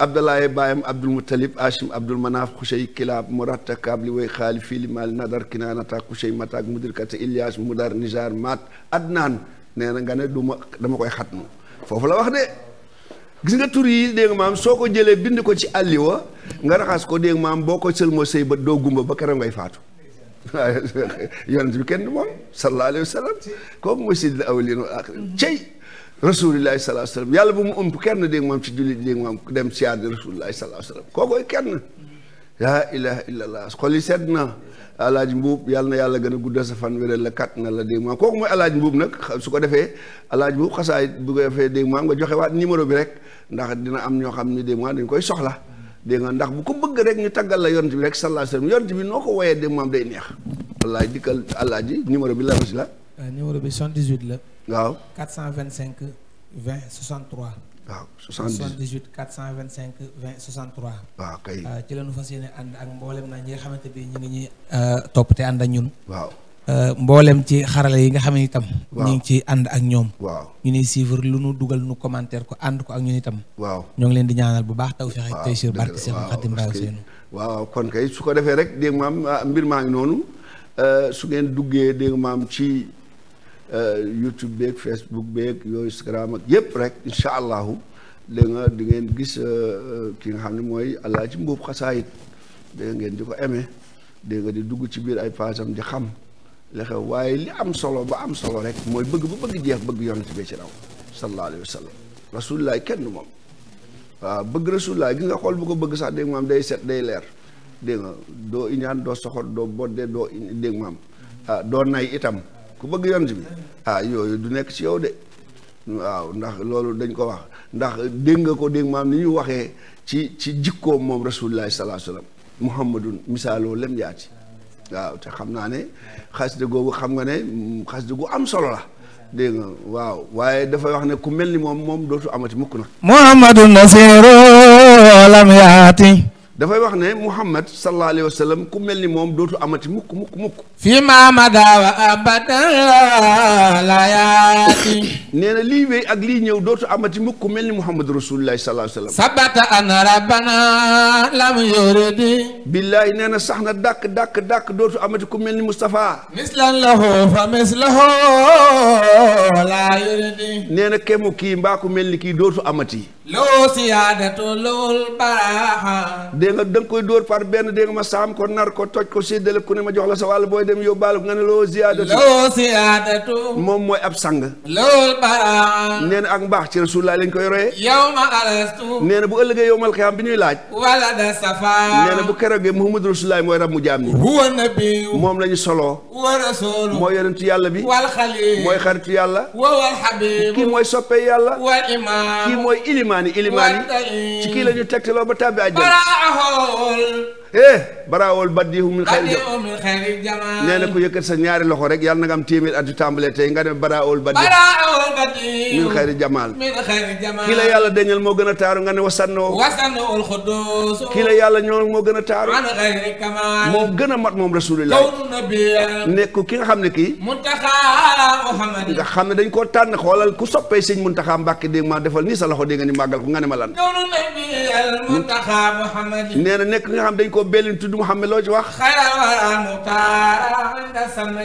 abdalaaye baayam abdul mutalib achim abdul manaaf xusey kilaab murata kaab li way xaali fii li maali nadar kinaanata xusey mataak mudirkata ilias mudar nijar maat adnaan nee na nga ne du ma dama koy xatmu foofu la wax de gis nga tur yi dégg nga maam soo ko jëlee bind ko ci àlliwa nga raxas ko dégg nga maam boo ko sëlmoo sëy ba doo gumba ba keroog ngay faatu waaye *laughs* yonent bi kenn du moom sallallahu alayhi wa sallam kooku mooy sayyidul awwalin wal axirin mhm. cey rasulillahi sallallahu alayhi wa sallam yàlla bu mu ëmp kenn dégg moom ci jullit dégg moom dem siyaar di rasulillahi sallallahu alayhi wa sallam kookoy illa allah xol yi sedd na alaaji mbuub yàlla na yàlla gën a guddal sa fan wéral la kat la dégg moom kooku mooy alaaji mbuub nag su ko defee alaaji mbuub xasaay bu ko defee dégg moom nga joxe waat numéro bi rek ndax dina am ñoo xam ni dégg moom dañ koy soxla dégg nga ndax bu ko bëgg rek ñu taggal la yonent bi rek sallallahu alayhi wa sallam bi noo ko woyee de maam day neex. wallaay dikkal alaaji numéro bi la si la. Euh, numéro bi 78 la. waaw 425 20 63. waaw 78 425 20 63. waaw kay. Euh, ci la ñu fas yéene ànd ak mboolem na ñi nga xamante bi ñu ngi ñuy euh, topp te ànd ak ñun. waaw. Eh, mboolem ci xarale yi nga xam ne itam. ñu ci and ak ñom waaw ñu ni suivre lu ñu duggal ñu commentaire ko and ko ak ñun itam. waaw ñoo ngi leen di ñaanal bu baax. taw fexe tey sur barke Seex Xaadim Baaw seenu waaw kon kay su ko defé rek dégg maam ah, mbir maangi nonu euh su ngeen duggee dégg maam ci eh, YouTube beek Facebook beek yo Instagram ak yépp rek inshallah allahu nga di ngeen gis eh, ki nga xamni moy allah Alaaji Mbuub Xasaayit de ngeen di ko amee de nga di dugg ci bir ay page am di xam la xew waye li am solo ba am solo rek moy bëgg bu bëgg jeex bëgg yonent bi ci raw sallallahu alaihi wasallam rasulullah kenn mom wa bëgg rasulullah gi nga xol bu ko bëgg sax deg mom day set day leer deg nga do iñan do soxor do bodde do deg mom ah do nay itam ku bëgg yonent bi ah yoy du nekk ci yow de waaw ndax loolu dañ ko wax ndax deg nga ko deg mom ni ñu waxe ci ci jikko mom rasulullah sallallahu alaihi wasallam muhammadun misalo lem yaati waaw te xam naa ne xasida googu xam nga ne mm, xasida gu am solo la dégg nga waaw waaye dafay wax ne ku mel ni moom moom dootu amati mukk nag muhammadu nasiru lam dafay wax ne Muhammad sallallahu alayhi wa mel ni moom dootu amati mukk mukk mukk. fi maamada lii wéy ak lii ñëw dootu amati mukk mel ni Muhammad rasulullahi sallallahu alayhi wa sallam. rabbana lam yuridi. billaay nee na sax na dàkk dàkk dootu amati ku mel ni Moustapha. mislan lahu fa mislahu la yuridi. nee na kemu kii mbaa mel ni kii dootu amati. loo siyaadatu lul baraha. de nga dang koy door par ben de nga ma sam ko nar ko toj ko sedel ko ne ma jox la sa wal boy dem yóbbaale nga ne loo ziyaadatu loo ziyaadatu mom moy ab sang lool baraan neena ak mbax ci rasulullah lañ koy roye yow ma alastu neena bu ëllëgee yowmal mal biñuy laaj wala da safa neena na bu keroogee muhammadu rasulullah moy rab jamni huwa nabi mom lañu solo wa rasul moy yonentu yalla bi wal xalil moy xaritu yalla wa wal habib ki moy soppe yalla wa imam ki moy ilimani ilimani ci ki lañu ñu lo ba tàbbi ajjal whole. Yeah. baraawol baddihu min xayri jamaa nee na ku yëkkat sa ñaari loxo rek yàlla na nga am téeméer at yu tàmbalee tey nga ne baraawol baddihu min xayri jamaal kii la yàlla dañal moo gën a taaru nga ne wasannoo wasannoo alxudus kii la yàlla ñoo moo gën a taaru an xayri kamaal moo gën a mat moom rasulullah nekk ki nga xam ne kii muntaxaa nga xam ne dañ koo tànn xoolal ku soppee sëñ muntaxaa Mbàkke dégg maa defal nii sa loxo dégg nga màggal nga ne ma xam Muhammad loo ci wax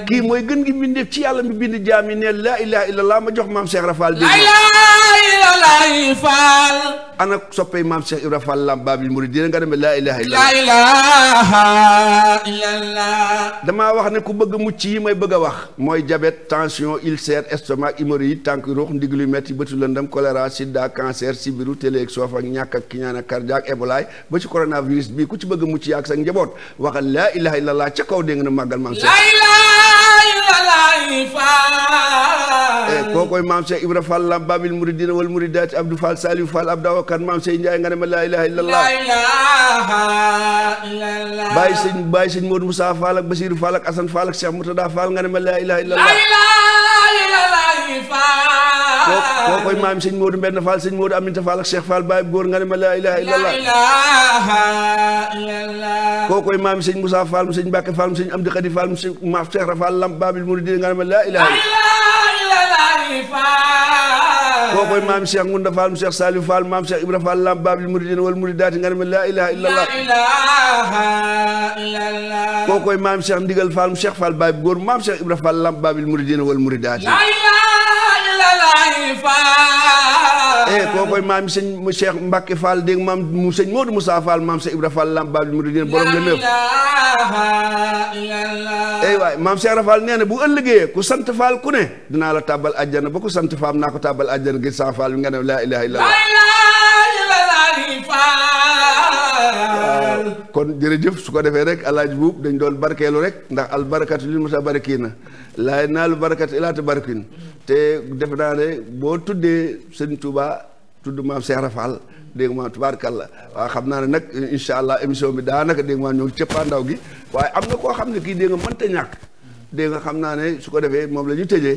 kii mooy gën gi mbindeef ci yàlla mi bind jaam yi ne laa ilaha illallah ma jox maam Cheikh Rafal bi ana soppey maam damaa wax ne ku bëgg mucc yi may bëgg a wax mooy diabète tension ulcère estomac hémorroïde tànk ruux ndiglu metti bëtu lëndëm choléra sida cancer sibiru télé ak soof ñàkk ak kiñaan ak cardiaque ebolaay ba ci coronavirus bii ku ci bëgg mucc yaak sa njaboot njaboot waxal laa ilaha illallah ca eh, maam Cheikh. Ibra Fall lam babil muridina wal muridaati Abdou Fall Saliou Fall maam Cheikh Ndiaye nga ne ma laa ilaha illallah. laa ilaha illallah. bàyyi sëñ bàyyi sëñ Modou Moussa Fall ak Basirou nga ne ma laa ilaha illallah. koo koy maam sëñ Modou Mbenn Fall sëñ Modou Aminta Fall ak Cheikh Fall Baye góor nga ne ma laa ilaha illallah koo koy maam sëñ Moussa Fall mu sëñ Mbacke Fall mu sëñ Amdi Khadi Fall mu sëñ Maam Cheikh Ibra Fall Lamp Babil Mouridina nga ne ma laa ilaha illallah koo koy maam Cheikh Ngunda Fall mu Cheikh Salif Fall maam Cheikh Ibra Fall Lamp Babil Mouridina wal Mouridati nga ne ma laa ilaha illallah koo koy maam Cheikh Ndigal Fall mu Cheikh Fall Baye góor maam Cheikh Ibra Fall Lamp Babil Mouridina wal Mouridati eh koo koy maam sëñ mu Cheikh Mbacke Fall dégg maam mu sëñ Modou Moussa Fall maam Cheikh Ibra Fall lamp Baabul Muridiin borom la neuf ey eh, waay maam Cheikh Ibra Fall nee na bu ëllëgee ku sant Fall ku ne dinaa la tàbbal àjjana ba ku sant faam naa ko tàbbal àjjana gis saa Fall bi nga ne laa ilaaha illallaah kon jërëjëf su ko defee rek alaaj buub dañ doon barkeelu rek ndax albarakatu lil mutabarikiina laay lu barkat ilaa tabarakin te def naa ne boo tuddee sëñ Touba tudd maam Seera Fall dégg nga maam tubaarkàlla waa xam naa ne nag incha allah émission bi daanaka dégg nga maam ñoo ngi ndaw gi waaye am na koo xam ne kii dégg nga mënta ñàkk dégg nga xam naa ne su ko defee moom la ñu tëjee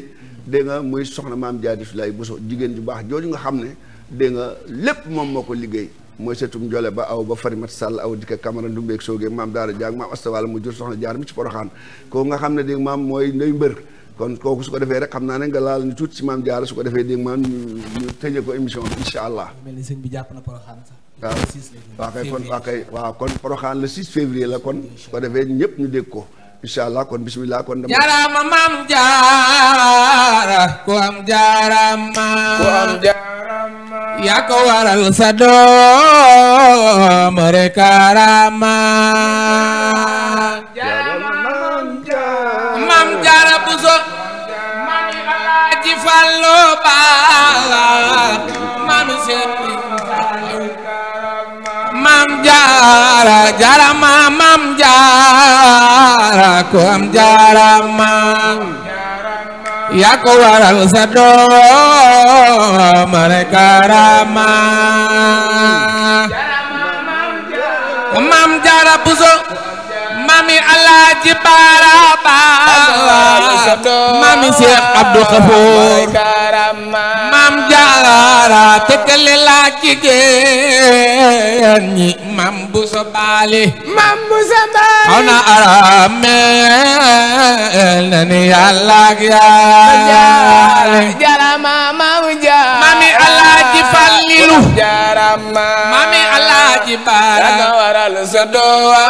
dégg nga muy soxna maam Jaadi Sulaay Buso jigéen ju baax jooju nga xam ne dégg nga lépp moom moo ko liggéey mooy seetum jole ba aw ba farimat sàll aw dikka camara ndumbeeg soogee maam a jaag maam astawala mu jur soxna jaar mi ci poroxaan kooku nga xam ne dégg maam mooy nday mbër kon kooku su ko defee rek xam naa ne nga laal ñu tuuti ci maam jaara su ko defee dégg maam ñu tëjee ko émission bi allah mel ni sëñ bi jàpp na poroxaan sax waaw kon waaw kay waaw kon poroxaan le 6 février la kon su ko defee ñëpp ñu dégg ko insha Allah kon bismillah kon dama jarama mam jara, ku am jarama ku am jarama ya ko waral sa mereka rama jarama mam jara, mam jaara buso mami alaji fallo ba. mami sen jaara jaara maam jaara ku am jaara maam yaa ko waral sa doom rek karama maam jaara buso mami alaaji baara baara mami Seex Abdu Xafoor jaara maam jaara tëkkale laa jigéen bu sa baali maam bu sa baali xaw ni yàlla ak yàlla jaara maam jaara maami alaaji Fallilu jaara aji para dana waral sa dowa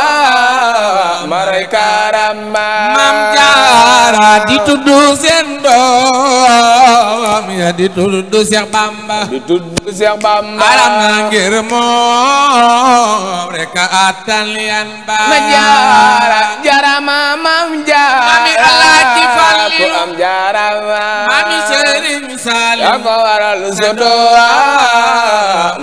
karama mam jaara di tuddu seen doom ya di tuddu Bamba di tuddu Bamba alam na ngir moom rek attan liyan ba ma jaara jaara ma mam ku am jaarama mami Sëriñ Saaliw yaa ko waral sotowa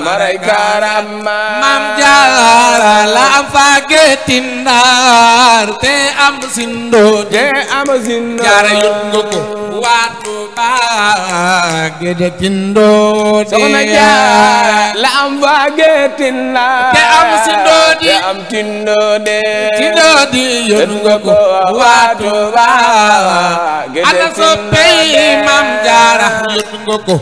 maray karama mam jaara la am faage tindaar te am sindo te am sindo jaara yun ko ko waat gede tindoo la am waage tinna te am am tindoo de tindoo waatu baa ana soppey mam jaara yónn nga ko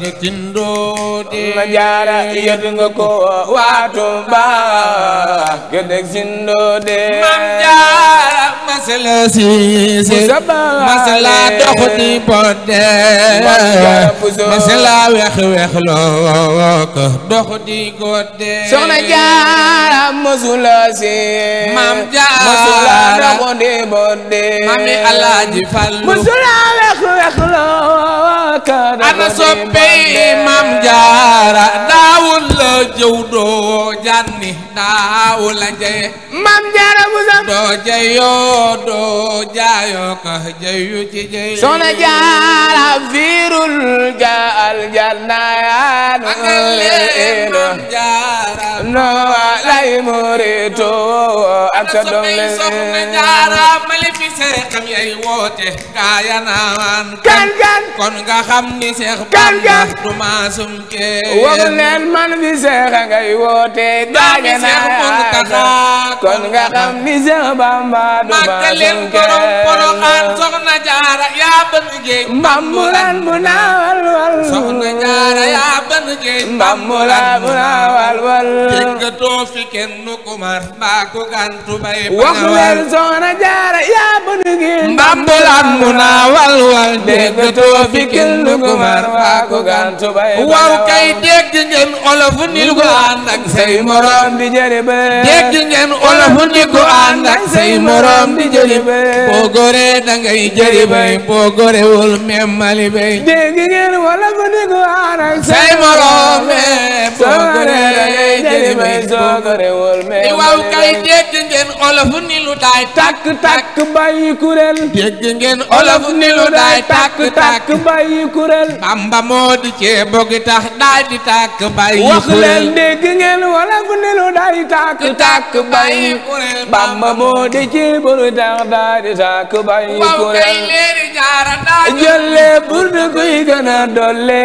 de soxna jaara yónn nga ko waatu baa gede sindoo mam jaara masala siise masala dox di bonde masala wex wex look dox di godde soxna jaara masula siise maam jaara masala dox di bonde mami alaaji fallu masala wex wex look ana soppe maam jaara daawul la jëw doo janni daawul la jeye maam jaara musa doo jeyoo doo jaayoo ka jayu ci jay soxna jaara virul ja aljanna yaanu leena jaara no lay murito ak sa doom leen soxna jaara mali fi sere xam yay woote kaayanaan kan kan kon nga xam ni seex kan kan du maasum ke wax leen man fi seex ngay woote kaayanaan kon nga xam ni seex bamba du màggaleen borom poroxaan soxna jaara yaa ban géej mbambulaan mu naa wal wal soxna jaara yaa ban géej mbambulaan mu naa wal wal géej nga too fi kenn nu kumar mbaa ku gantu bay wax leen soxna jaara yaa ban géej mbambulaan mu naa wal wal géej nga too fi kenn nu kumar mbaa ku gantu bay waaw kay dégg ngeen olof nil ko ànd ak say morom di jëri ba dégg ngeen olof ni ko ànd ak say morom di jëli bay boo góoree dangay jëli bay boo góorewul même mali bay dégg ngeen wala ko ni ko anak say morom mais boo góoree dangay jëli bay boo góorewul même ni lu daay takk takk bàyyi kuréel dégg bamba moo di cee tax daay di takk bàyyi kuréel wax leen wala ko ni lu daay takk takk bàyyi kuréel bamba moo di tax daa di sàkk bàyyi kuran jolle burdu kuy gën a dolle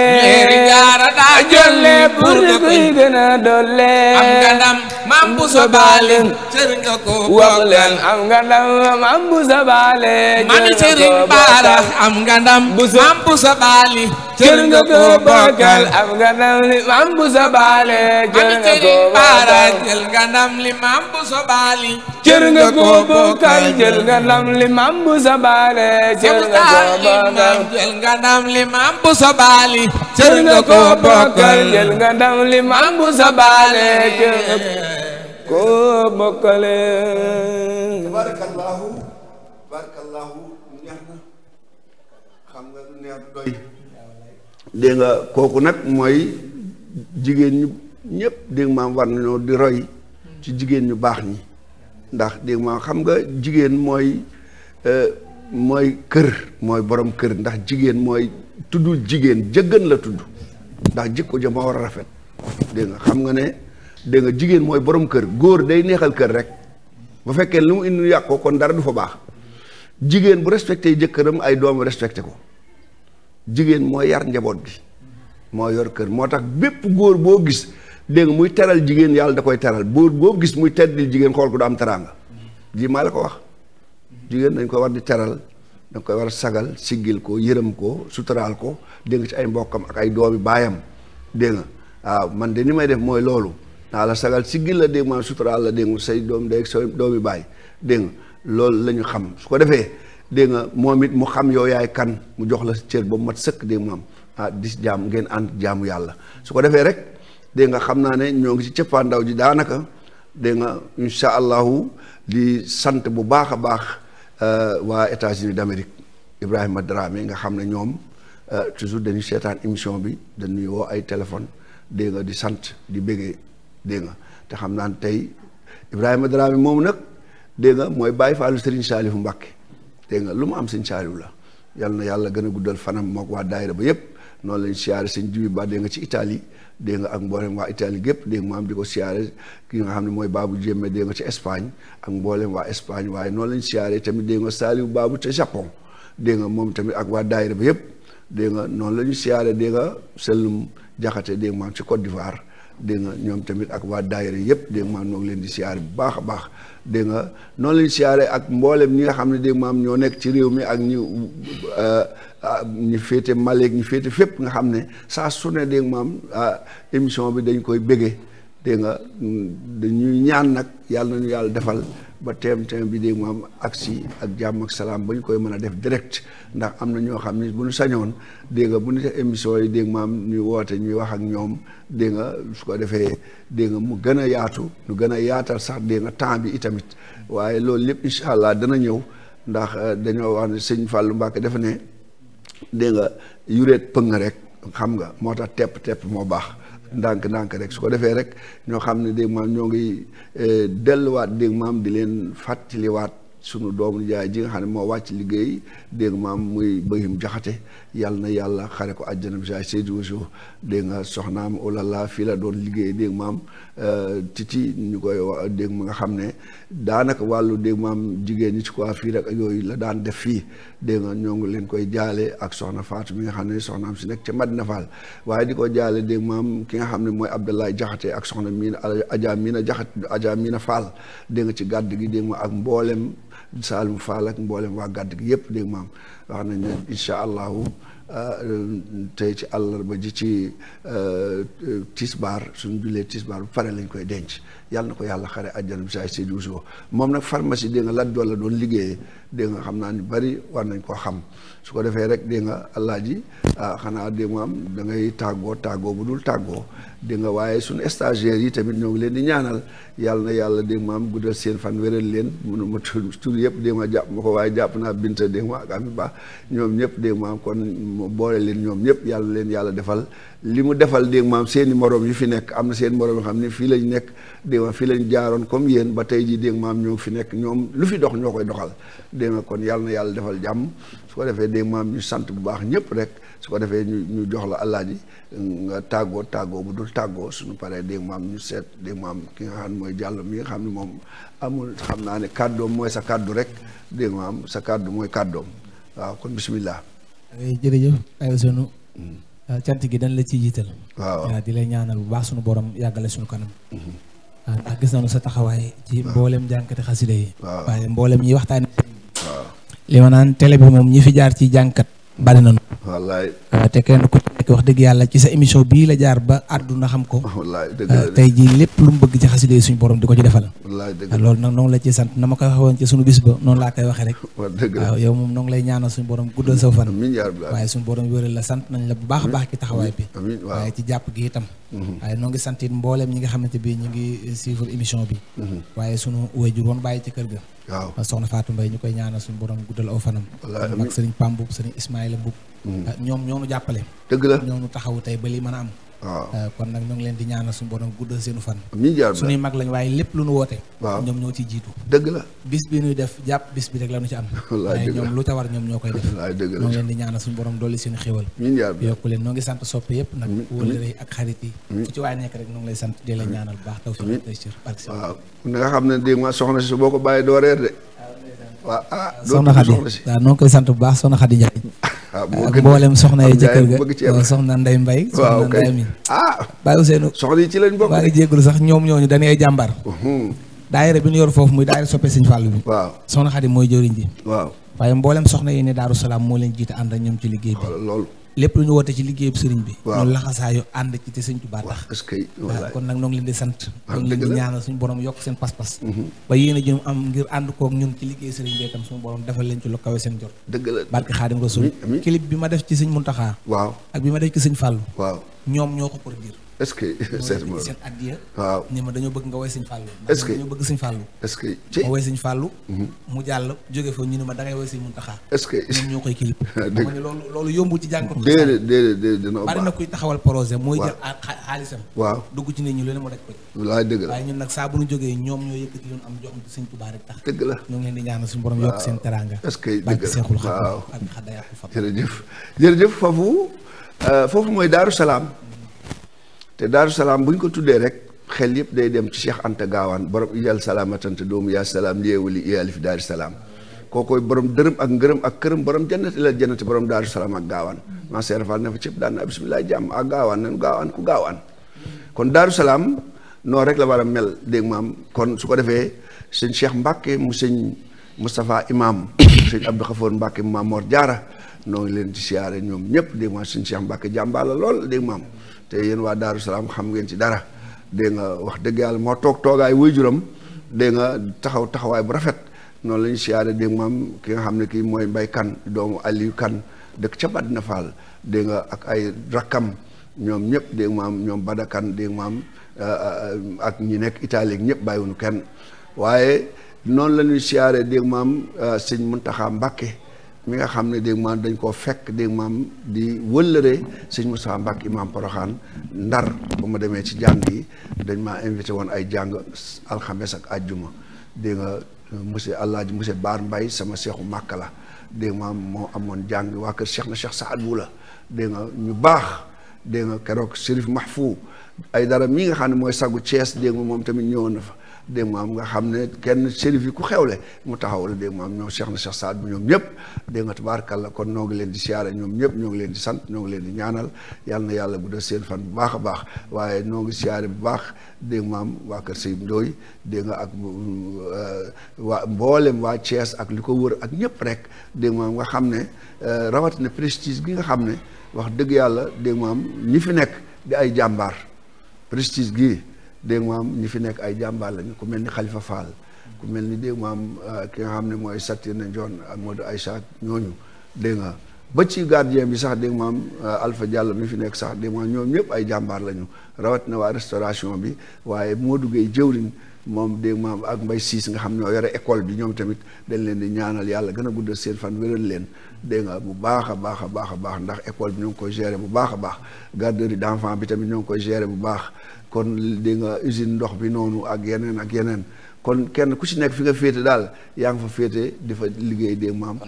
jolle burdu kuy gën a dolle mam bu sobaalen sëriñ ko wax leen am nga ndam mam bu sobaale man sëriñ baara am nga ndam mam bu sobaali jël nga ko bokkal am nga ndam li mam bu sobaale jël nga ko bokkal jël nga ndam li mam bu sobaali jël nga ko bokkal jël nga ndam li bu sobaale jël nga ndam li bu sobaale jël nga ko bokkale tabarakallahu xam nga neex doy kooku nag mooy jigéen ñu ñëpp dégg maam war nañoo di roy jigéen ñu baax ñi ndax dégg ma xam nga jigéen mooy euh, mooy kër mooy borom kër ndax jigéen mooy tuddul jigéen jëggën la tudd ndax jikko ja ma war a rafet dégg nga xam nga ne dégg nga jigéen mooy borom kër góor day neexal kër rek bu fekkee lu mu indi yàqoo kon dara du fa baax jigéen bu respecté jëkkëram ay doomu respecté ko jigéen mooy yar njaboot bi moo yor kër moo tax bépp góor boo gis deng muy teral jigen yalla da koy teral boo bo gis muy teddil jigen xol ko do am teranga di maa ko wax jigen dañ ko war di teral dañ koy war sagal sigil ko yërëm ko sutural ko deng ci ay mbokam ak ay doomi bayam deng ah man de ni may def moy lolu na la sagal sigil la deng ma sutural la deng say doom day say doomi bay deng lolu lañu xam su ko defé deng momit mu xam yo yaay kan mu jox la cër ba mat seuk deng ah dis jam ngeen ànd jamu yalla su ko defé rek dégg nga xam naa ne ñoo ngi ci cëppaandaw ji daanaka dégg nga incha allahu di sant bu baax a baax euh, waa États-Unis d'Amérique Ibrahima Dramé nga xam ne ñoom euh, toujours dañuy seetaan émission bi dañuy woo ay téléphone dégg di sant di béggee dégg nga te xam naa ne tey Ibrahima Dramé moom nag dégg nga mooy Baye Fallou Serigne Salif Mbacké dégg nga lu mu am Serigne Salif la yal na yàlla gën a guddal fanam mook waa daayira ba yépp noonu lañ siyaare Serigne Djibi Ba dégg nga ci Italie dégg nga ak mboolem waa Italie gépp dégg nga mu am di ko siyaare ki nga xam ne mooy Babou Diémé dégg nga ci Espagne ak mboolem waa Espagne waaye noonu lañu siyaare tamit dégg nga Saliou Babou ca Japon dégg nga moom tamit ak waa daayira ba yëpp dégg nga noonu la ñu siyaare dégg nga Selum Jaxate dégg nga mu am ci Côte d'Ivoire dégg nga ñoom tamit ak waa daayira yëpp dégg nga maam ñoo leen di siyaare bu baax a baax dégg nga noonu leen siyaare ak mboolem mi nga xam ne dégg maam ñoo nekk ci réew mi ak ñi euh, ñu féete Maleek ñu féete fépp nga xam ne saa sune ne dégg maam euh, émission bi dañ koy bége dégg nga mm, dañuy ñaan nag yàlla nañu yàlla defal ba teem teem bi dégg mu am agsi ak jàmm ak salaam ba ñu koy mën a def direct ndax am na ñoo xam ni bu ñu sañoon dégg nga bu ñu def yi dégg ma ñu woote ñuy wax ak ñoom dégg nga su ko defee dégg nga mu gën a yaatu ñu gën a yaatal sax dégg nga temps bi itamit waaye loolu lépp incha allah dana ñëw ndax euh, dañoo wax ne sëñ Fallou Mbacke dafa ne dégg nga yuréet pëng rek xam nga moo tax tepp tepp moo baax ndànk ndànk rek su ko defee rek ñoo xam ne dégg maam ñoo ngi eh, delluwaat dégg maam di leen fàttaliwaat sunu doomu jaay ji nga xam ne moo wàcc liggéey dégg maam muy bëggim jaxate yàlla na yàlla xare ko àjjana bi saa Seydou so dégg nga soxnaam olala oh fii la doon liggéey dégg maam euh, titi ñu koy wax dégg ma nga xam ne daanaka wàllu dégg maam jigéen ñi ci coiffure ak yooyu la daan def fii dégg nga ñoo ngi leen koy jaale ak soxna Fatou mi nga xam ne soxnaam si nekk ca Madina Fall waaye di ko jaale dégg maam ki nga xam ne mooy Abdoulaye Jaxate ak soxna miin miina Adja miina Jaxate Adja miina Fall dégg nga ci gàdd gi dégg ma ak mboolem. Saalum Faal ak mboolem waa gàdd gi yëpp dégg maam wax nañ ne incha allahu euh, tey ci àllarba ji ci euh, tisbaar suñu julee tisbaar bu pare lañ koy denc yàlla na ko yàlla xare àjjana bi saay si Ousso moom nag pharmacie dégg nga Lat Joor la doon liggéeyee dégg nga xam naa ni bari war nañ koo xam su ko defee rek dégg nga ji ah, xanaa dégg maam da tàggoo tàggoo bu dul tàggoo di nga waaye suñu stagiaires yi tamit ñoo ngi leen di ñaanal yàlla na yàlla dégg ma am guddal seen fan wéral leen munu ma tur yëpp dégg jàpp ma ko waaye jàpp naa binta dégg ma ak ami ba ñoom ñëpp dégg kon boole leen ñoom ñëpp yàlla leen yàlla defal li mu defal dégg ma seen i morom fi nekk am na seen morom yoo xam ne fii lañ nekk dégg ma fii jaaroon comme yéen ba tey ji dégg ma am fi nekk ñoom lu fi dox ñoo koy doxal dégg kon yàlla na yàlla defal jàmm su ko defee dégg ma am ñu sant bu baax ñëpp rek su ko defee ñu ñu jox la alaaji nga tàggoo tàggoo bu dul tàggoo suñu paree dégg maam ñu seet dégg maam ki nga xam ne mooy jàll mi nga xam ne moom amul xam naa ne kàddoom mooy sa kàddu rek dégg maam sa kàddu mooy kàddoom waaw kon bisimilah. Eh, jërëjëf ay mm. ah, gi dañ la ci jiital. waaw ah, di lay ñaanal bu baax suñu borom yàggale suñu kanam. Mm-hmm. Ah, ndax gis nañu sa taxawaay. ci mboolem jànkati xasida yi. waaye mboolem ñi waxtaan. li ma naan bi moom ñi fi jaar ci jànkat. bari nañu. wallaay Ah, te kenn wax dëgg yàlla ci sa émission bii la jaar ba àdduna xam ko. Oh, ah, tey jii lépp lu mu bëgg ci xasida yi suñu borom di ko ci defal. Ah, loolu nag noonu sant na ma koy waxoon ci suñu bis ba noonu laa koy waxee rek. *laughs* waaw yow moom noonu lay ñaanal suñu borom guddal sa fan. waaye suñu borom wéral la sant bu baax a baax ci taxawaay bi. waaye jàpp gi itam. Mhm. waaye noo ngi sant it mbooleem nga xamante bi ñu ngi suivre émission bi. Mhm. waaye sunu wayjur woon bàyyi ci kër ga. waaw soxna Fatou mbay ñu koy ñaanal suñ borom guddal aw fanam. ak sëriñ Pam Mboup sëriñ Ismaïla Mboup Mm. ñoom ñoo ñu jàppale. dëgg la ñoo ñu taxawu tey ba li a am. waaw euh, kon nag ñoo leen di ñaanal suñu borom guddal seenu fan. ñi jaar bi *laughs* yokku leen ñoo sant soppe yëpp nag. Mm. Mm. wóllare ak xarit yi. fu ci waay nekk rek ñoo ngi sant di la ñaanal baax. taw fi nga xam ne dégg nga soxna si boo ko bàyyi doo reer de waaw ah soxna Xadi waaw noo koy sant bu baax soxna Xadi Njaay *laughs* ah, ak mboolem soxna yi jëkkër ga soxna Ndey Mbay soxna Ndey Amin ah bàyyi Ousseynou soxna yi ci lañ bokk maa ngi jégalu sax ñoom ñooñu dañuy ay jàmbar daayira bi ñu yor foofu muy daayira soppe Sëñ Fàllu bi waaw soxna Xadi mooy jëwriñ ji waaye mboolem soxna yi ni Daaru Salaam moo leen jiite ànd a ñoom ci liggéey bi loolu lépp lu ñu woote ci liggéeyub sëriñ bi. waaw ñu laxasaayu ànd ci te sëñ Tuubaa tax. que kon nag ñoo ngi leen di sant. Ah, ñoo ngi leen di ñaanal suñu borom yokk seen pas-pas. Mm-hmm. ba yéen a jëm am ngir ànd koog ñun ci liggéey sëriñ bi itam suñu borom defal leen ci lu kawe seen jot. dëgg la barke Xaadim Rasuul bi ma def ci sëñ Muntaxaa. waaw ak bi ma def ci sëñ Fàllu. ñoom ñoo ko produire est-ce que *laughs* seen addiya waaw ni ma dañoo bëgg nga woy sëñ Fallou est-ce que dañoo bëgg sëñ Fallou ma woy sëñ Fallou mhm. mu jàll jóge koy kilib *laughs* ma loolu loolu yombul ci jàngko taxawal projet mooy jël waaw dugg ci nit ñi lu ne mu daj ko waaye ñun nag saa bu ñu jógee ñoom ñoo am jox sëñ Tuubaa rek tax dëgg la ñoo ngi leen di ñaanal suñu borom foofu euh, foofu mooy Daaru Salaam te salam salam buñ ko tuddé rek xel yépp day dem ci Cheikh Anta gawan borom ijal salaamatante ya salam yewuli lieewali iyaalif salam salaam kookooy borom deureum ak ngeureum ak kërëm borom jannat la jannat borom dar salam ak gawan ma cheikh faal na fa cipp daan bismillah jam ak gawan nan gawan ku gawan kon dar salam no rek la wara mel dégg mam kon su ko defé seigne Cheikh Mbacke mu seigne mustafa Imam seigne *coughs* Abdou Khafour Mbacke mu jara no ngi leen ci siyaare ñom ñep dégg maam seigne Cheikh Mbacke jambala lol dégg mam te yéen waa Daaru Salaam xam ngeen ci dara dégg nga wax dëgg yàlla moo toog toogaay wuy juram dégg nga taxaw taxawaay bu rafet noonu la ñu siyaare dégg ki nga xam ne kii Mbay Kan doomu Aliou Kan dëkk ca Badna Fall dégg nga ak ay rakam ñoom ñëpp dégg mam ñoom Badakan dégg maam euh, euh, ak ñi nekk Italie ñëpp bàyyiwuñu kenn waaye noonu la ñuy siyaare dégg maam euh, sëñ Muntaxa mi nga xam ne dégg maam dañ koo fekk dégg maam di wëllëree sëñ Moussa Mbacke imaam Poroxaan ndar ba ma demee ci jàng yi dañ maa invité woon ay jàng alxames ak ajjuma dégg nga euh, monsieur Alaaji monsieur Baar Mbaye sama seexu màkk la dégg maam moo amoon jàng waa kër Cheikh na Cheikh Saad Bou la dégg nga ñu baax dégg nga keroog Chérif Mahfou ay dara mi nga xam ne sagu Thiès dégg nga tamit ñëwoon na fa dégg nga nga xam ne kenn sérif yi ku xewle mu taxaw la dégg nga am ñoom Cheikh na Cheikh Saad bu ñoom ñëpp dégg nga tabaarkalla kon noo ngi leen di siyaare ñoom ñëpp ñoo ngi leen di sant ñoo leen di ñaanal yàlla na yàlla guddal seen fan bu baax a baax waaye noo ngi siyaare bu baax dégg nga am waa Kër Seyib Ndooy dégg nga ak euh, waa mboolem ak li ko wër ak ñëpp rek dégg nga xam ne euh, rawatina prestige gi nga xam ne wax dëgg yàlla dégg ñi fi nekk di ay jàmbaar prestige gii dégg nga am fi nekk ay jàmbaar lañu ku mel ni Khalifa Fall ku mel ni dégg maam euh, ki nga xam ne mooy Satina John ak ay Aïcha ñooñu dégg nga ba ci gardien bi sax dégg nga am euh, Alpha Diallo fi nekk sax dégg nga ñoom ñëpp ay jàmbaar lañu rawat na waa restauration bi waaye moo duggee jëwriñ moom dégg maam ak mbay siis nga xam ne ñoo yore école bi ñoom tamit dañ leen di ñaanal yàlla gën a guddal seen fan wéral leen dégg nga bu baax a baax a baax a baax ndax école bi ñoo ngi koy gérer bu baax a baax garderie d'enfant bi tamit ñoo ngi koy bu baax kon di nga usine ndox bi noonu ak yeneen ak yeneen kon kenn ku si nekk fi nga féete daal yaa ngi fa féete di fa liggéey dee maam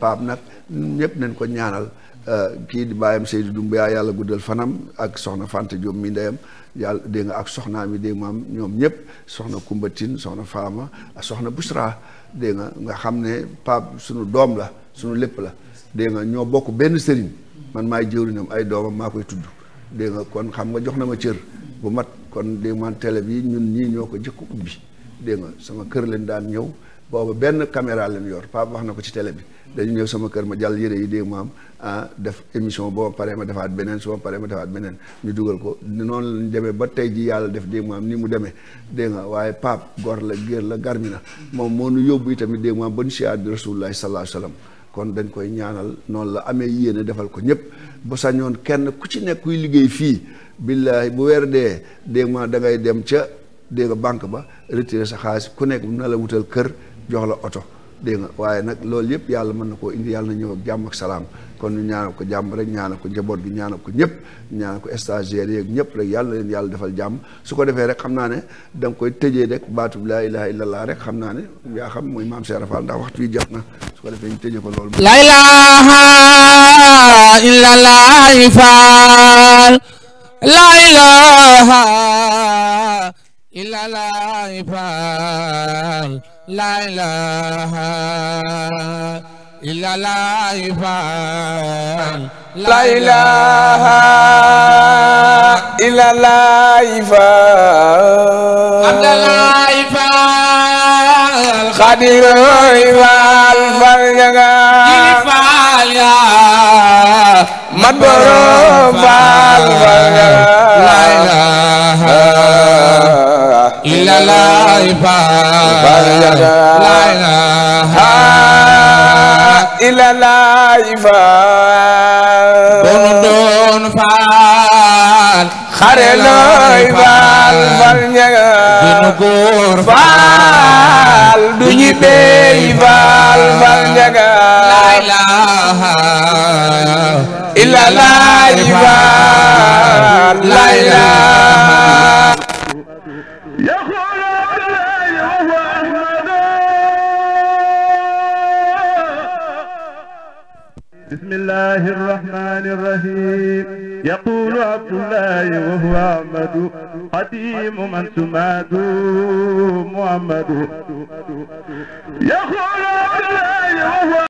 paam nag ñëpp nañ ko ñaanal eh, kii di bàyyam Seydou Doumbia yàlla guddal fanam ak soxna Fanta Diop mi ndeyam yàlla dégg nga ak soxnaa mi dégg maam ñoom ñëpp soxna Kumba soxna Faama soxna Busra dégg nga nga xam ne Pape sunu doom la sunu lépp la dégg nga ñoo bokk benn sëriñ man maay jëwriñam ay doomam maa koy tudd dégg nga kon xam nga jox na ma cër bu mat kon dégg man bi ñun ñii ñoo ko jëkk ubbi dégg nga sama kër lañ daan ñëw boobu benn caméra lañ yor Pape wax na ko ci télé bi dañu ñëw sama kër ma jàll yére yi dégg ah def émission boo paree ma defaat beneen su ma paree ma defaat beneen ñu dugal ko noonu lañ demee ba tey ji yàlla def dégg ni mu demee dégg nga waaye Pape gor la géer la garmi na moom moom nu yóbbu itamit dégg maam ba nu si àddi rasulullahi sallallahu alayhi wasallam kon dañ koy ñaanal noonu la amee yéene defal ko ñëpp ba sañoon kenn ku ci nekk kuy liggéey fii billahi bu weer dee dégg ma da dem ca dégg nga banque ba retirer sa xaalis ku nekk na la wutal kër jox la oto dégg nga waaye nag loolu yëpp yàlla mën na ko indi yàlla na ñëw jàmm ak salaam kon ñu ko jàmm rek ñaana ko njaboot gi ñaanal ko ñëpp ñaanal ko stagiaires yeeg ñëpp rek yàlla leen yàlla defal jàmm su ko defee rek xam naa ne da koy tëjee rek baatu bi laa ilaha illallah xam naa ne yaa xam mooy maam Cheikh Rafal ndax waxtu yi jot na su ko ko loolu. la ilaha illa la ifay la la ifay la la ifay abdallah ifay khadir mat borom faal faal ila laay faal laay faal bunu doon faal xare looy faal faal ñaga dinu góor faal du ñi béy faal faal ñaga laa ilaaha إلا لا إله لا يقول الله وهو أحمد بسم الله الرحمن الرحيم يقول عبد الله وهو أحمد قديم من سماد محمد يقول عبد الله وهو